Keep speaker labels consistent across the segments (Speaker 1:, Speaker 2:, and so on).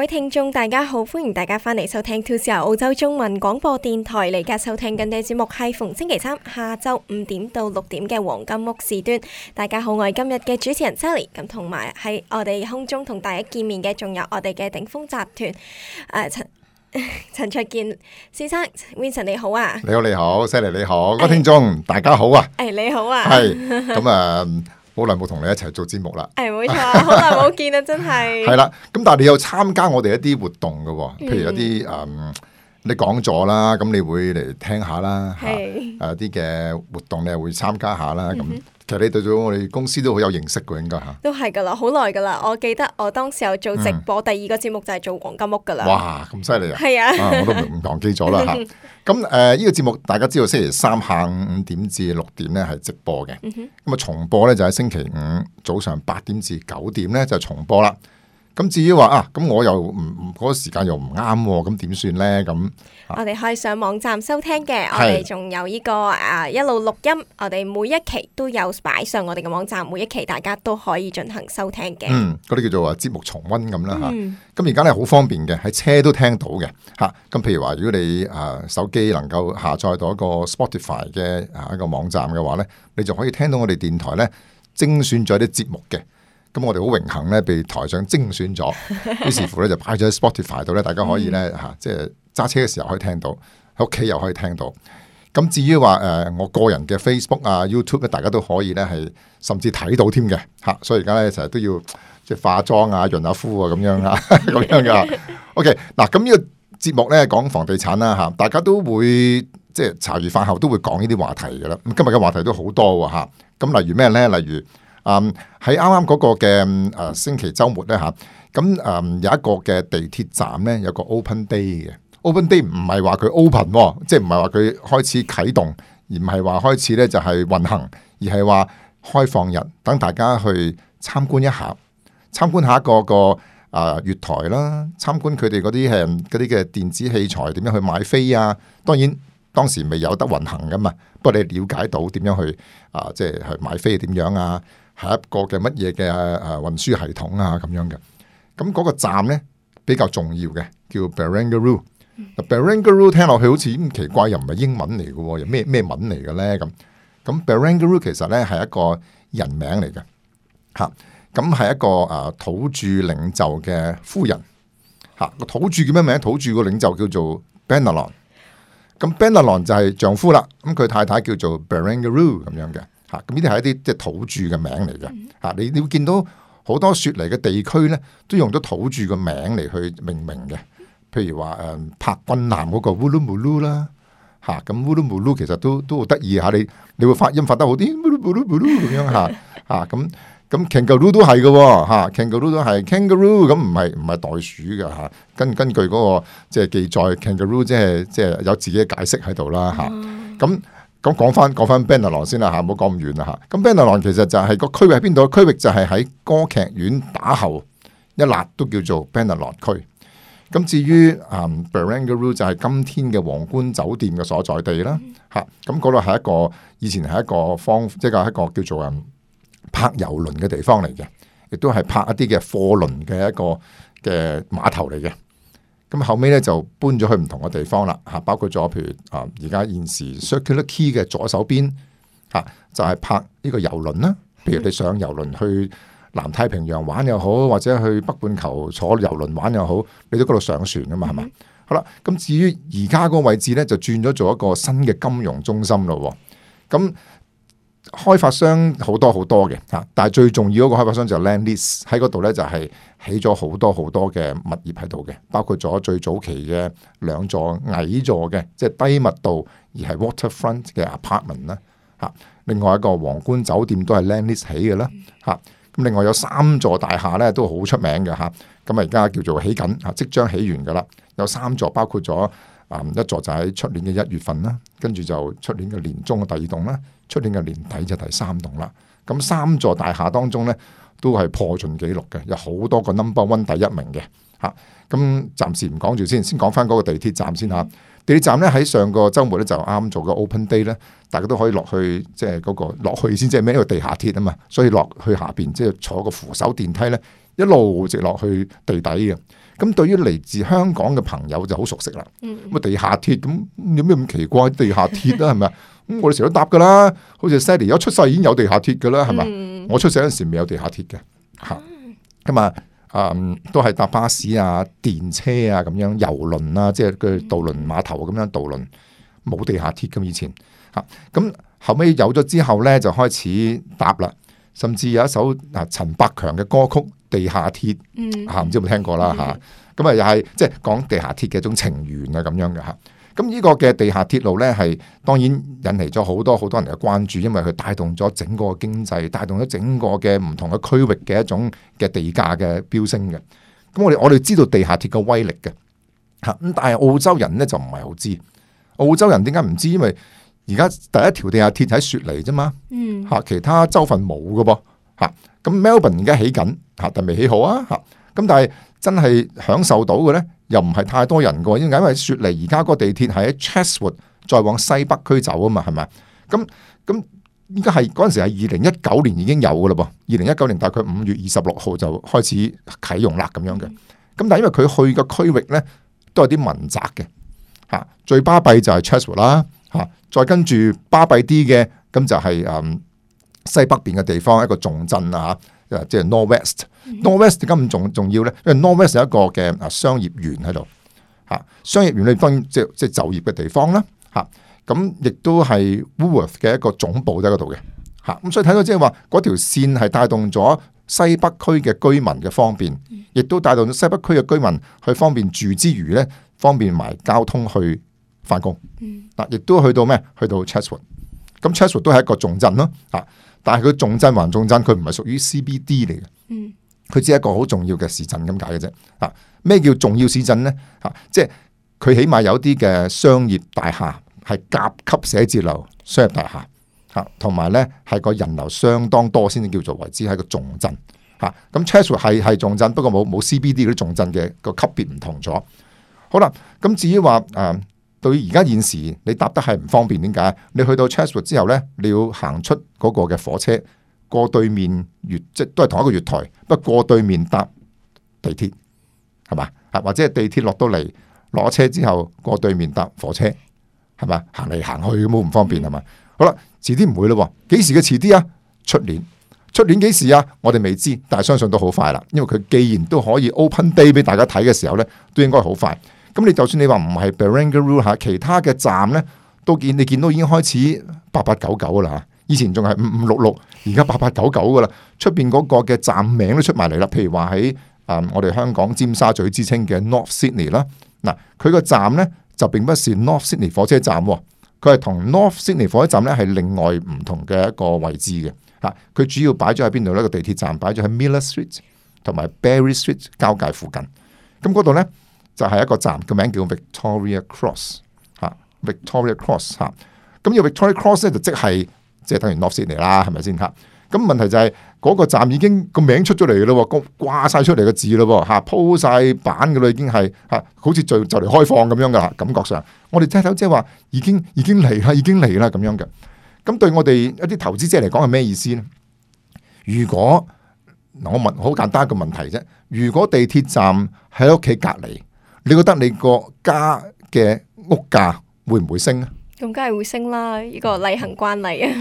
Speaker 1: 各位聽眾，大家好，歡迎大家翻嚟收聽 Today 由澳洲中文廣播電台嚟嘅。收聽緊嘅節目係逢星期三下晝五點到六點嘅黃金屋時段。大家好，我係今日嘅主持人 Sally，咁同埋喺我哋空中同大家見面嘅仲有我哋嘅鼎豐集團誒，陳陳焯楗先生 Vincent，你好啊。
Speaker 2: 你好你好，Sally 你好，各位聽眾大家好啊。
Speaker 1: 誒你好啊，係咁啊。
Speaker 2: 好耐冇同你一齊做節目啦，
Speaker 1: 係，冇錯，好耐冇見啦，真係。 係啦，
Speaker 2: 咁但係你有參加我哋一啲活動㗎喎，譬如有啲誒。嗯嗯你講咗啦，咁你會嚟聽下啦，嚇，誒啲嘅活動你又會參加下啦，咁、嗯、其實你對咗我哋公司都好有認識嘅應該
Speaker 1: 都係㗎啦，好耐㗎啦，我記得我當時候做直播，嗯、第二個節目就係做黃金屋嘅啦。哇，
Speaker 2: 咁犀利啊！係啊，我都唔忘記咗啦嚇。咁、嗯、呢、啊呢個節目大家知道星期三下午五點至六點咧係直播嘅，咁、嗯、啊重播咧就喺星期五早上八點至九點咧就重播啦。咁至於話啊，咁我又唔嗰、嗰個時間又唔啱、啊，咁點算呢？咁
Speaker 1: 我哋可以上網站收聽嘅，我哋仲有呢個啊一路錄音，我哋每一期都有擺上我哋嘅網站，每一期大家都可以進行收聽嘅。嗯，
Speaker 2: 嗰啲叫做啊節目重溫咁啦吓。咁而家咧好方便嘅，喺車都聽到嘅吓。咁、啊、譬如話，如果你啊手機能夠下載到一個 Spotify 嘅啊一個網站嘅話呢，你就可以聽到我哋電台呢精選咗啲節目嘅。咁我哋好榮幸咧，被台上精選咗，於 是乎咧就擺咗喺 Spotify 度咧，大家可以咧吓，即係揸車嘅時候可以聽到，喺屋企又可以聽到。咁至於話誒，我個人嘅 Facebook 啊、YouTube 咧、啊，大家都可以咧係甚至睇到添嘅吓。所以而家咧成日都要即係化妝啊、潤下膚啊咁樣啊，咁樣噶。 OK，嗱，咁呢個節目咧講房地產啦吓，大家都會即係、就是、茶餘飯後都會講呢啲話題噶啦。咁今日嘅話題都好多喎吓，咁例如咩咧？例如。Um, 在剛剛的呃啊、嗯，喺啱啱嗰個嘅誒星期週末咧嚇，咁誒有一個嘅地鐵站咧有個 open day 嘅，open day 唔係話佢 open、哦、即係唔係話佢開始啟動，而唔係話開始咧就係運行，而係話開放日，等大家去參觀一下，參觀下一個個誒、呃、月台啦，參觀佢哋嗰啲誒啲嘅電子器材點樣去買飛啊。當然當時未有得運行噶嘛，不過你了解到點樣去啊、呃，即係去買飛點樣啊。係一個嘅乜嘢嘅誒運輸系統啊咁樣嘅，咁、那、嗰個站咧比較重要嘅，叫 Barangaroo。嗯、Barangaroo 聽落去好似咁奇怪，又唔係英文嚟嘅，又咩咩文嚟嘅咧？咁咁 Barangaroo 其實咧係一個人名嚟嘅，吓咁係一個誒、啊、土著領袖嘅夫人，吓、啊、個土著叫咩名？土著個領袖叫做 Bennelong 咁 Bennelong 就係丈夫啦，咁佢太太叫做 Barangaroo 咁樣嘅。嚇！咁呢啲係一啲即係土著嘅名嚟嘅嚇，你你會見到好多雪嚟嘅地區咧，都用咗土著嘅名嚟去命名嘅。譬如話誒，帕軍南嗰個烏魯穆魯啦嚇，咁烏魯穆魯其實都都好得意嚇，你你會發音發得好啲，烏魯穆魯咁樣嚇嚇，咁咁 k a n g a r o o 都係嘅喎 k a n g a r o o 都係 k a n g a r o o 咁唔係唔係袋鼠嘅嚇，根根據嗰個即係記載 k a n g a r o o 即係即係有自己嘅解釋喺度啦嚇，咁。咁講翻講翻 Bennelong 先啦吓，唔好講咁遠啦吓，咁 Bennelong 其實就係個區域喺邊度？區域就係喺歌劇院打後一粒都叫做 Bennelong 區。咁至於啊 Barangaroo 就係今天嘅皇冠酒店嘅所在地啦吓，咁嗰度係一個以前係一個方，即係一個叫做啊泊遊輪嘅地方嚟嘅，亦都係泊一啲嘅貨輪嘅一個嘅碼頭嚟嘅。咁後尾咧就搬咗去唔同嘅地方啦，吓包括咗譬如啊，而家現時 Circular Quay 嘅左手邊，吓就係拍呢個遊輪啦。譬如你上遊輪去南太平洋玩又好，或者去北半球坐遊輪玩又好，你都嗰度上船噶嘛，Mm-hmm. 係嘛？好啦，咁至於而家嗰個位置咧，就轉咗做一個新嘅金融中心咯。咁開發商好多好多嘅嚇，但係最重要嗰個開發商就係 Land Lease 喺嗰度咧，就係起咗好多好多嘅物業喺度嘅，包括咗最早期嘅兩座矮座嘅，即係低密度而係 Waterfront 嘅 apartment 啦嚇。另外一個皇冠酒店都係 Land Lease 起嘅啦嚇。咁另外有三座大廈咧都好出名嘅嚇，咁啊而家叫做起緊嚇，即將起完㗎喇，有三座包括咗。啊、嗯！一座就喺出年嘅一月份啦，跟住就出年嘅年中嘅第二棟啦，出年嘅年底就第三棟啦。咁三座大廈當中呢，都係破盡紀錄嘅，有好多個 number one 第一名嘅。吓、啊，咁暫時唔講住先，先講翻嗰個地鐵站先吓。地鐵站呢，喺上個周末呢，就啱做個 open day 呢，大家都可以落去即係嗰個落去先，即係咩？一個地下鐵啊嘛，所以落去下邊即係坐個扶手電梯呢，一路直落去地底嘅。咁對於嚟自香港嘅朋友就好熟悉啦。咁啊地下鐵咁有咩咁奇怪？地下鐵啦，係咪？咁 我哋成日都搭噶啦。好似悉尼，我出世已經有地下鐵噶啦，係咪、嗯？我出世嗰陣時未有地下鐵嘅嚇。咁啊啊，都係搭巴士啊、電車啊咁樣、遊輪啊，即係嘅渡輪碼頭咁樣渡輪，冇地下鐵咁以前嚇。咁後尾有咗之後咧，就開始搭啦。甚至有一首啊陳百強嘅歌曲。地下鐵吓，唔、嗯、知有冇聽過啦吓，咁、嗯、啊又係即係講地下鐵嘅一種情緣啊咁樣嘅吓。咁呢個嘅地下鐵路咧，係當然引嚟咗好多好、嗯、多人嘅關注，因為佢帶動咗整個經濟，帶動咗整個嘅唔同嘅區域嘅一種嘅地價嘅飆升嘅。咁、啊、我哋我哋知道地下鐵嘅威力嘅吓，咁、啊、但係澳洲人咧就唔係好知。澳洲人點解唔知？因為而家第一條地下鐵喺雪梨啫嘛，吓、啊嗯、其他州份冇㗎噃吓。啊咁 Melbourne 而家起緊嚇，但未起好啊嚇。咁但係真係享受到嘅咧，又唔係太多人嘅。因為雪梨而家個地鐵係喺 Chatswood 再往西北區走啊嘛，係咪？咁咁應該係嗰陣時係二零一九年已經有嘅喇噃。二零一九年大概五月二十六號就開始啟用啦咁樣嘅。咁但係因為佢去嘅區域咧都有啲文宅嘅嚇，最巴閉就係 Chatswood 啦嚇，再跟住巴閉啲嘅咁就係、是嗯西北邊嘅地方一個重鎮啊，誒、就是嗯，即係 Norwest，Norwest 點解咁重重要咧？因為 Norwest 係一個嘅啊商業園喺度，吓，商業園你分即係即係就業嘅地方啦，吓咁亦都係 Woolworth 嘅一個總部喺嗰度嘅，吓咁所以睇到即係話嗰條線係帶動咗西北區嘅居民嘅方便，亦都帶動咗西北區嘅居民去方便住之餘咧，方便埋交通去翻工，嗱，亦都去到咩？去到 Chatswood，咁 Chatswood 都係一個重鎮咯，吓。但係佢重鎮還重鎮，佢唔係屬於 CBD 嚟嘅，佢只係一個好重要嘅市鎮咁解嘅啫。啊，咩叫重要市鎮呢？啊，即係佢起碼有啲嘅商業大廈係甲級寫字樓、商業大廈吓，同、啊、埋呢係個人流相當多先至叫做為之係個重鎮。吓、啊，咁 Chatswood 係係重鎮，不過冇冇 CBD 嗰啲重鎮嘅個級別唔同咗。好啦，咁至於話啊。呃到而家現時，你搭得係唔方便？點解？你去到 Chatswood 之後呢，你要行出嗰個嘅火車，過對面月，即都係同一個月台，不過，過對面搭地鐵，係嘛？或者係地鐵落到嚟攞車之後，過對面搭火車，係嘛？行嚟行去咁好唔方便係嘛？好啦，遲啲唔會咯，幾時嘅遲啲啊？出年，出年幾時啊？我哋未知，但係相信都好快啦，因為佢既然都可以 Open Day 俾大家睇嘅時候呢，都應該好快。咁你就算你話唔係 Barangaroo 吓，其他嘅站呢，都見你見到已經開始八八九九啦，以前仲係五五六六，而家八八九九噶啦。出邊嗰個嘅站名都出埋嚟啦，譬如話喺啊我哋香港尖沙咀之稱嘅 North Sydney 啦，嗱，佢個站呢，就並不是 North Sydney 火車站，佢係同 North Sydney 火車站呢係另外唔同嘅一個位置嘅吓，佢主要擺咗喺邊度呢？個地鐵站擺咗喺 Miller Street 同埋 Berry Street 交界附近，咁嗰度呢。就係、是、一個站，個名叫 Victoria Cross 吓，Victoria Cross 吓、啊，咁要 Victoria Cross 咧，就即係即係等於 North Sydney 啦，係咪先吓？咁問題就係、是、嗰、那個站已經、那個名出咗嚟咯，掛晒出嚟嘅字咯，吓鋪晒版噶啦，已經係吓、啊，好似就就嚟開放咁樣噶啦，感覺上，我哋睇頭即係話已經已經嚟啦，已經嚟啦咁樣嘅，咁對我哋一啲投資者嚟講係咩意思咧？如果我問好簡單一個問題啫，如果地鐵站喺屋企隔離？你覺得你個家嘅屋價會唔會升啊？咁
Speaker 1: 梗係會升啦！呢、這個例行慣例 啊。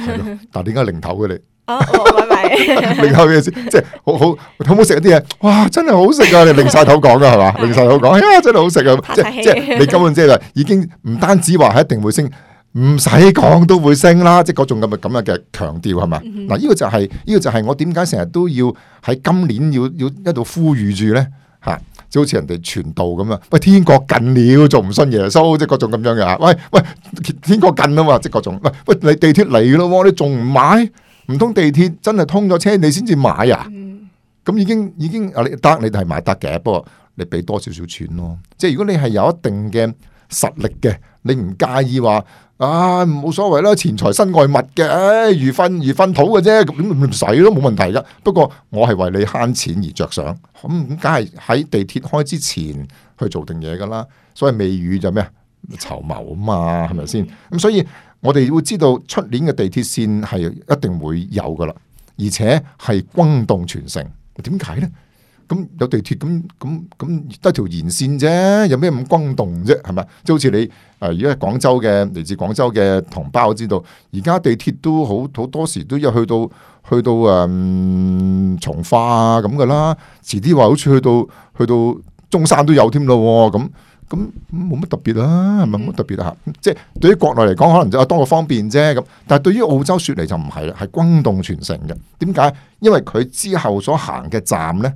Speaker 2: 但係點解零頭嘅你？零頭嘅意思即係、就是、好好好唔好食一啲嘢？哇，真係好食啊！你零晒頭講噶係嘛？ 零晒頭講、哎呀，真係好食啊！ 即係即係你根本即係已經唔單止話係一定會升，唔使講都會升啦！即係各種咁嘅咁樣嘅強調係嘛？嗱，呢、mm -hmm. 個就係、是、呢、這個就係我點解成日都要喺今年要要一度呼籲住咧吓。就好似人哋傳道咁啊！喂，天國近了，仲唔信耶穌？即係各種咁樣嘅嚇。喂喂，天國近啊嘛，即係各種。喂喂，你地鐵嚟咯喎，你仲唔買？唔通地鐵真係通咗車，你先至買啊？咁已經已經啊，你得你係買得嘅，不過你俾多少少錢咯。即係如果你係有一定嘅。實力嘅，你唔介意話啊，冇所謂啦，錢財身外物嘅，如糞如糞土嘅啫，咁唔使都冇問題噶。不過我係為你慳錢而着想，咁梗係喺地鐵開之前去做定嘢噶啦。所謂未雨就咩啊，綢繆啊嘛，係咪先？咁所以我哋會知道出年嘅地鐵線係一定會有噶啦，而且係轟動全城。點解咧？咁有地鐵咁咁咁得條延線啫，有咩咁轟動啫？係咪？就好似你如果係廣州嘅嚟自廣州嘅同胞知道，而家地鐵都好好多時都有去到去到誒從、嗯、化啊咁嘅啦。遲啲話好似去到去到中山都有添咯。咁咁冇乜特別啦，係咪冇乜特別啊？即係對於國內嚟講，可能就多個方便啫。咁但係對於澳洲雪梨嚟就唔係啦，係轟動全城嘅。點解？因為佢之後所行嘅站咧。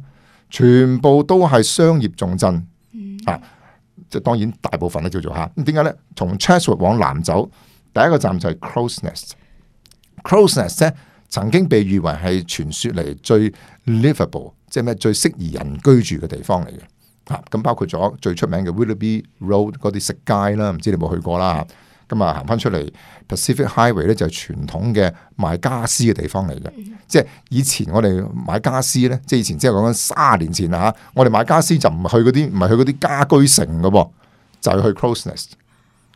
Speaker 2: 全部都係商業重鎮，嗯、啊，即當然大部分都叫做嚇。咁點解咧？從 Chatswood 往南走，第一個站就係 Crows Nest、嗯。Crows Nest 咧曾經被譽為係傳說嚟最 livable，即係咩最適宜人居住嘅地方嚟嘅。咁、啊、包括咗最出名嘅 Willoughby Road 嗰啲食街啦，唔知道你有冇去過啦。嗯啊咁啊，行翻出嚟 Pacific Highway 咧就係傳統嘅賣傢俬嘅地方嚟嘅，即係以前我哋買傢俬咧，即係以前即係講緊卅年前啦嚇，我哋買傢俬就唔係去嗰啲，唔係去嗰啲家居城嘅，就係去 Crows Nest。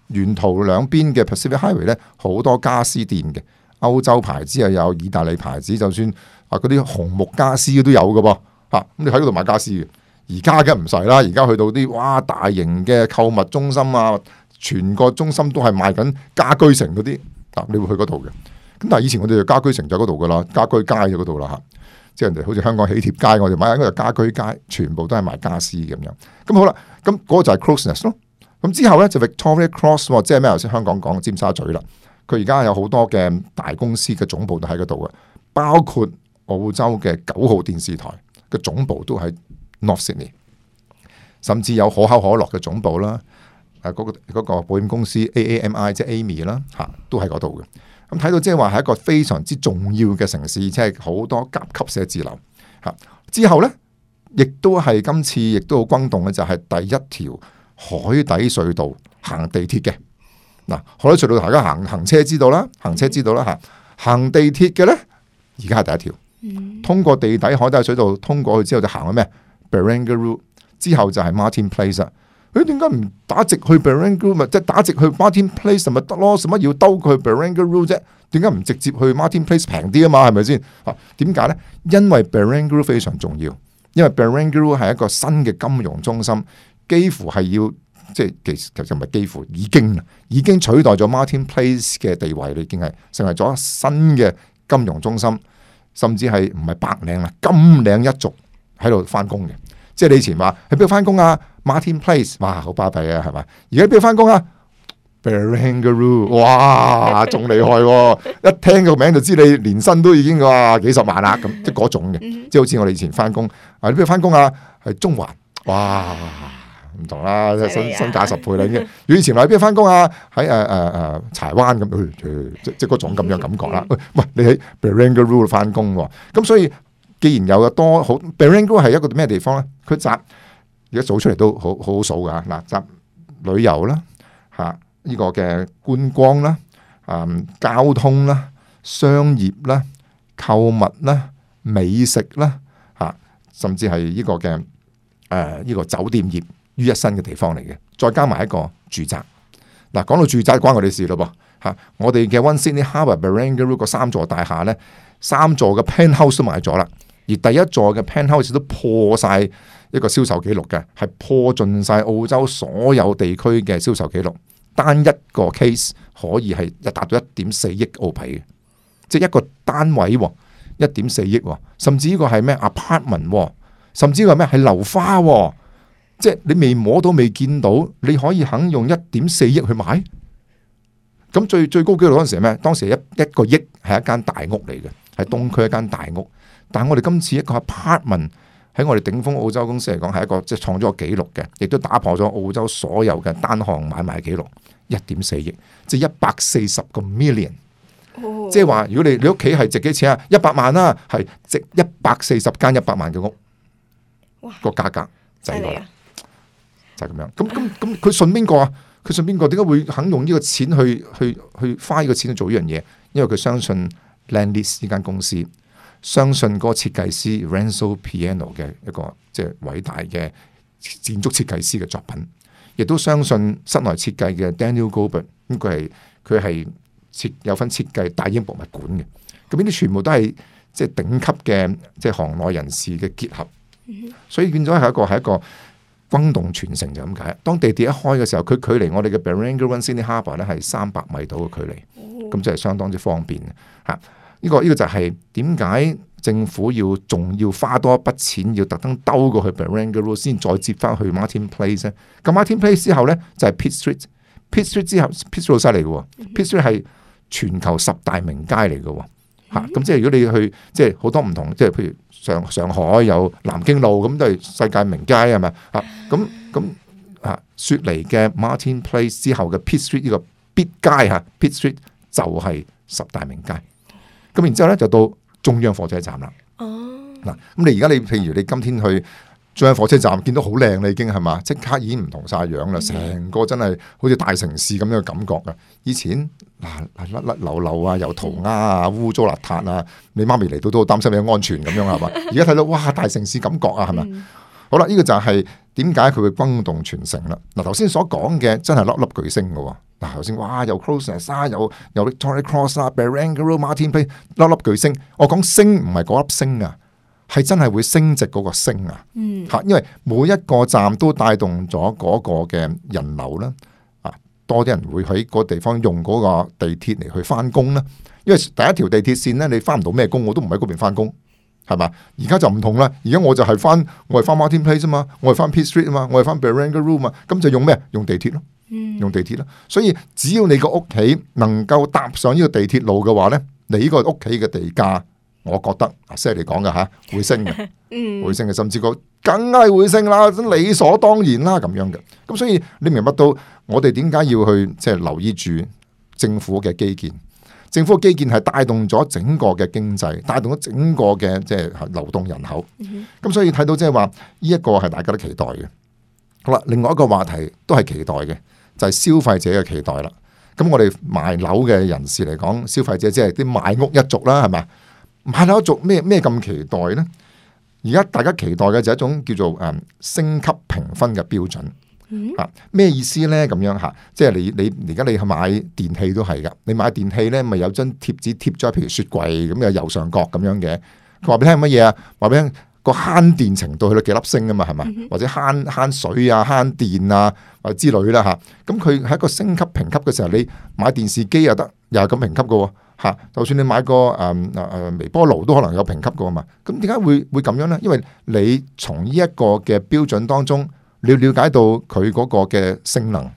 Speaker 2: 沿途兩邊嘅 Pacific Highway 咧，好多傢俬店嘅，歐洲牌子又有意大利牌子，就算啊嗰啲紅木傢俬都有嘅噃嚇。咁你喺嗰度買傢俬，而家梗唔使啦，而家去到啲哇大型嘅購物中心啊！全個中心都係賣緊家居城嗰啲，嗱，你會去嗰度嘅。咁但係以前我哋就家居城就嗰度噶啦，家居街就嗰度啦吓。即係人哋好似香港喜帖街我，我哋買喺嗰度家居街，全部都係賣家私咁樣。咁好啦，咁、那、嗰個就係 Crows Nest 咯。咁之後咧就 Victoria Cross，即係咩？頭先香港講尖沙咀啦，佢而家有好多嘅大公司嘅總部都喺嗰度嘅，包括澳洲嘅九號電視台嘅總部都喺 North Sydney，甚至有可口可樂嘅總部啦。嗰、那個個保險公司 AAMI 即 AMI 啦，吓都喺嗰度嘅。咁睇到即係話係一個非常之重要嘅城市，即係好多甲級寫字樓。吓之後呢，亦都係今次亦都好轟動嘅就係、是、第一條海底隧道行地鐵嘅。嗱，海底隧道大家行行車知道啦，行車知道啦吓。行地鐵嘅呢，而家係第一條，通過地底海底隧道通過去之後就行咗咩？Barangaroo 之後就係 Martin Place 啊佢點解唔打直去 Barangaroo 咪即係打直去 Martin Place 咪得咯？使乜要兜去 Barangaroo 啫？點解唔直接去 Martin Place 平啲啊？嘛係咪先？啊，點解咧？因為 Barangaroo 非常重要，因為 Barangaroo 係一個新嘅金融中心，幾乎係要即係其其實唔係幾乎已經，已經取代咗 Martin Place 嘅地位，你已經係成為咗新嘅金融中心，甚至係唔係白領啊，金領一族喺度翻工嘅，即係你以前話喺邊度翻工啊？Martin Place，哇，好巴閉啊，係嘛？而家邊度翻工啊？Barangaroo 哇，仲厲害、啊， 一聽個名就知你年薪都已經哇幾十萬啦，咁即係嗰種嘅，即、就、係、是、好似我哋以前翻工， 啊，邊度翻工啊？喺中環，哇，唔同啦，身身價十倍啦，已經。以前嚟邊度翻工啊？喺誒誒誒柴灣咁，即即係嗰種咁樣感覺啦、啊。 喂，你喺 Barangaroo 翻工，咁所以既然有有多好 Barangaroo 係一個咩地方咧、啊？佢宅。而家數出嚟都好好好數噶，嗱，集旅遊啦，嚇、啊，依、這個嘅觀光啦，嗯、啊，交通啦，商業啦，購物啦，美食啦，嚇、啊，甚至係呢個嘅，啊這個、酒店業於一身嘅地方嚟嘅，再加埋一個住宅。嗱、啊，講到住宅關我哋事咯噃，嚇、啊，我哋嘅 One Sydney Harbour Barangaroo 個三座大廈咧，三座嘅 Penthouse 都買咗啦，而第一座嘅 Penthouse 都破晒一個銷售記錄嘅，係破盡晒澳洲所有地區嘅銷售記錄。單一個 case 可以係一達到一點四億澳幣，即係一個單位一點四億，甚至呢個係咩 apartment，甚至呢個係咩樓花，即係你未摸到未見到，你可以肯用一點四億去買。咁最最高紀錄嗰陣時係咩？當時一個億一個億係一間大屋嚟嘅，係東區一間大屋，但係我哋今次一個 apartment。喺我哋頂峰澳洲公司嚟講，係一個即係創咗個紀錄嘅，亦都打破咗澳洲所有嘅單項買賣紀錄，一點四億，即係一百四十個 million、oh。即係話，如果你你屋企係值幾錢啊？一百萬啦，啊，係值一百四十間一百萬嘅屋。個價格就係咁，就是，樣，就係咁樣。咁咁咁，佢信邊個啊？佢信邊個，啊？點解會肯用呢個錢去去去花呢個錢去做呢樣嘢？因為佢相信 Landis 呢間公司。相信個設計師 Renzo Piano 嘅一個即係偉大嘅建築設計師嘅作品，亦都相信室內設計嘅 Daniel Goldberg，咁佢係佢係設有份設計大英博物館嘅。咁呢啲全部都係即係頂級嘅即係行內人士嘅結合，所以變咗係一個係一個轟動全城就咁解。當地鐵一開嘅時候，佢距離我哋嘅 Barangaroo One Sydney Harbour 咧係三百米度嘅距離，咁就係相當之方便嘅。呢個呢個就係點解政府要仲要花多一筆錢，要特登兜過去 Barangaroo 先再接翻去 Martin Place 咧？咁 Martin Place 之後咧就係 Pitt Street，Pitt Street 之後，Pitt Street 犀利嚟嘅，Pitt Street 係全球十大名街嚟嘅嚇。咁即係如果你去即係好多唔同，即係譬如上上海有南京路咁都係世界名街係咪嚇。咁咁嚇雪梨嘅 Martin Place 之後嘅 Pitt Street 呢個必街嚇，Pitt Street 就係十大名街。咁然之後咧，就到中央火車站啦。哦，嗱，咁你而家你譬如你今天去中央火車站，見到好靚你已經係嘛？即刻已經唔同晒樣啦，成個真係好似大城市咁樣嘅感覺啊！以前嗱嗱甩甩漏漏啊，又塗鴉啊，污糟邋遢啊、嗯，你媽咪嚟到都好擔心你嘅安全咁樣係嘛？而家睇到哇，大城市感覺啊，係嘛、嗯？好啦，呢、這個就係點解佢會轟動全城啦？嗱，頭先所講嘅真係粒粒巨星嘅。嗱，頭先哇，又 Crows Nest 啊，又又 Victoria Cross 啊，Barangaroo、Martin Place，粒粒巨星。我講升唔係嗰粒升啊，係真係會升值嗰個升啊。嗯，嚇，因為每一個站都帶動咗嗰個嘅人流啦，啊，多啲人會喺嗰地方用嗰個地鐵嚟去翻工啦。因為第一條地鐵線咧，你翻唔到咩工，我都唔喺嗰邊翻工。係嘛？而家就唔同啦。而家我就係翻，我係翻 Martin Place 啫嘛，我係翻 Pitt Street 啊嘛，我係翻 Barangaroo 啊嘛。咁就用咩？用地鐵咯，用地鐵啦。所以只要你個屋企能夠搭上呢個地鐵路嘅話咧，你呢個屋企嘅地價，我覺得阿 Sir 嚟講嘅吓會升嘅，嗯，會升嘅，甚至個梗係會升啦，理所當然啦咁樣嘅。咁所以你明唔到我哋點解要去即係留意住政府嘅基建？政府基建係帶動咗整個嘅經濟，帶動咗整個嘅即係流動人口。咁所以睇到即係話呢一個係大家都期待嘅。好啦，另外一個話題都係期待嘅，就係、是、消費者嘅期待啦。咁我哋買樓嘅人士嚟講，消費者即係啲買屋一族啦，係嘛？買樓一族咩咩咁期待呢？而家大家期待嘅就係一種叫做誒星級評分嘅標準。啊，咩意思咧？咁樣吓，即係你你而家你去買電器都係噶，你買電器咧咪有張貼紙貼咗，譬如雪櫃咁嘅右上角咁樣嘅。佢話俾你聽係乜嘢啊？話俾你聽個慳電程度去到幾粒星啊嘛，係嘛？或者慳慳水啊、慳電啊，或者之類啦吓。咁佢喺一個星級評級嘅時候，你買電視機又得，又係咁評級噶喎。吓，就算你買個誒誒誒微波爐都可能有評級噶嘛。咁點解會會咁樣咧？因為你從呢一個嘅標準當中。了了解到佢嗰個嘅性能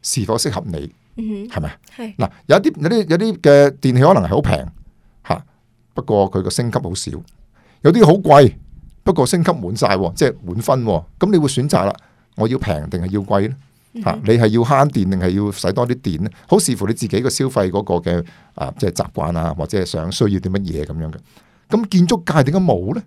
Speaker 2: 是否適合你，係、嗯、咪？係嗱，有啲有啲有啲嘅電器可能係好平吓，不過佢個升級好少；有啲好貴，不過升級滿晒，即係滿分。咁你會選擇啦，我要平定係要貴咧吓？你係要慳電定係要使多啲電咧？好視乎你自己消費個消費嗰個嘅啊，即係習慣啊，或者係想需要啲乜嘢咁樣嘅。咁建築界點解冇咧？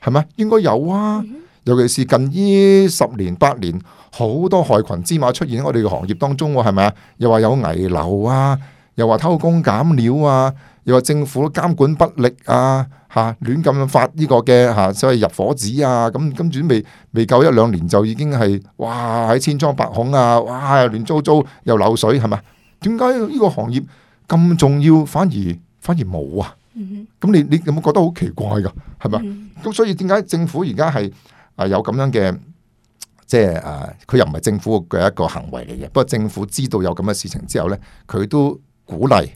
Speaker 2: 係咪應該有啊？嗯尤其是近呢十年八年，好多害群之馬出現喺我哋嘅行業當中，係咪啊？又話有危樓啊，又話偷工減料啊，又話政府監管不力啊，吓亂咁發呢個嘅吓、啊，所謂入伙紙啊，咁跟住未未夠一兩年就已經係哇，喺千瘡百孔啊，哇，亂糟糟又漏水，係咪？點解呢個行業咁重要，反而反而冇啊？咁你你有冇覺得好奇怪噶？係咪？咁所以點解政府而家係？啊，有咁樣嘅，即係啊，佢又唔係政府嘅一個行為嚟嘅。不過政府知道有咁嘅事情之後呢，佢都鼓勵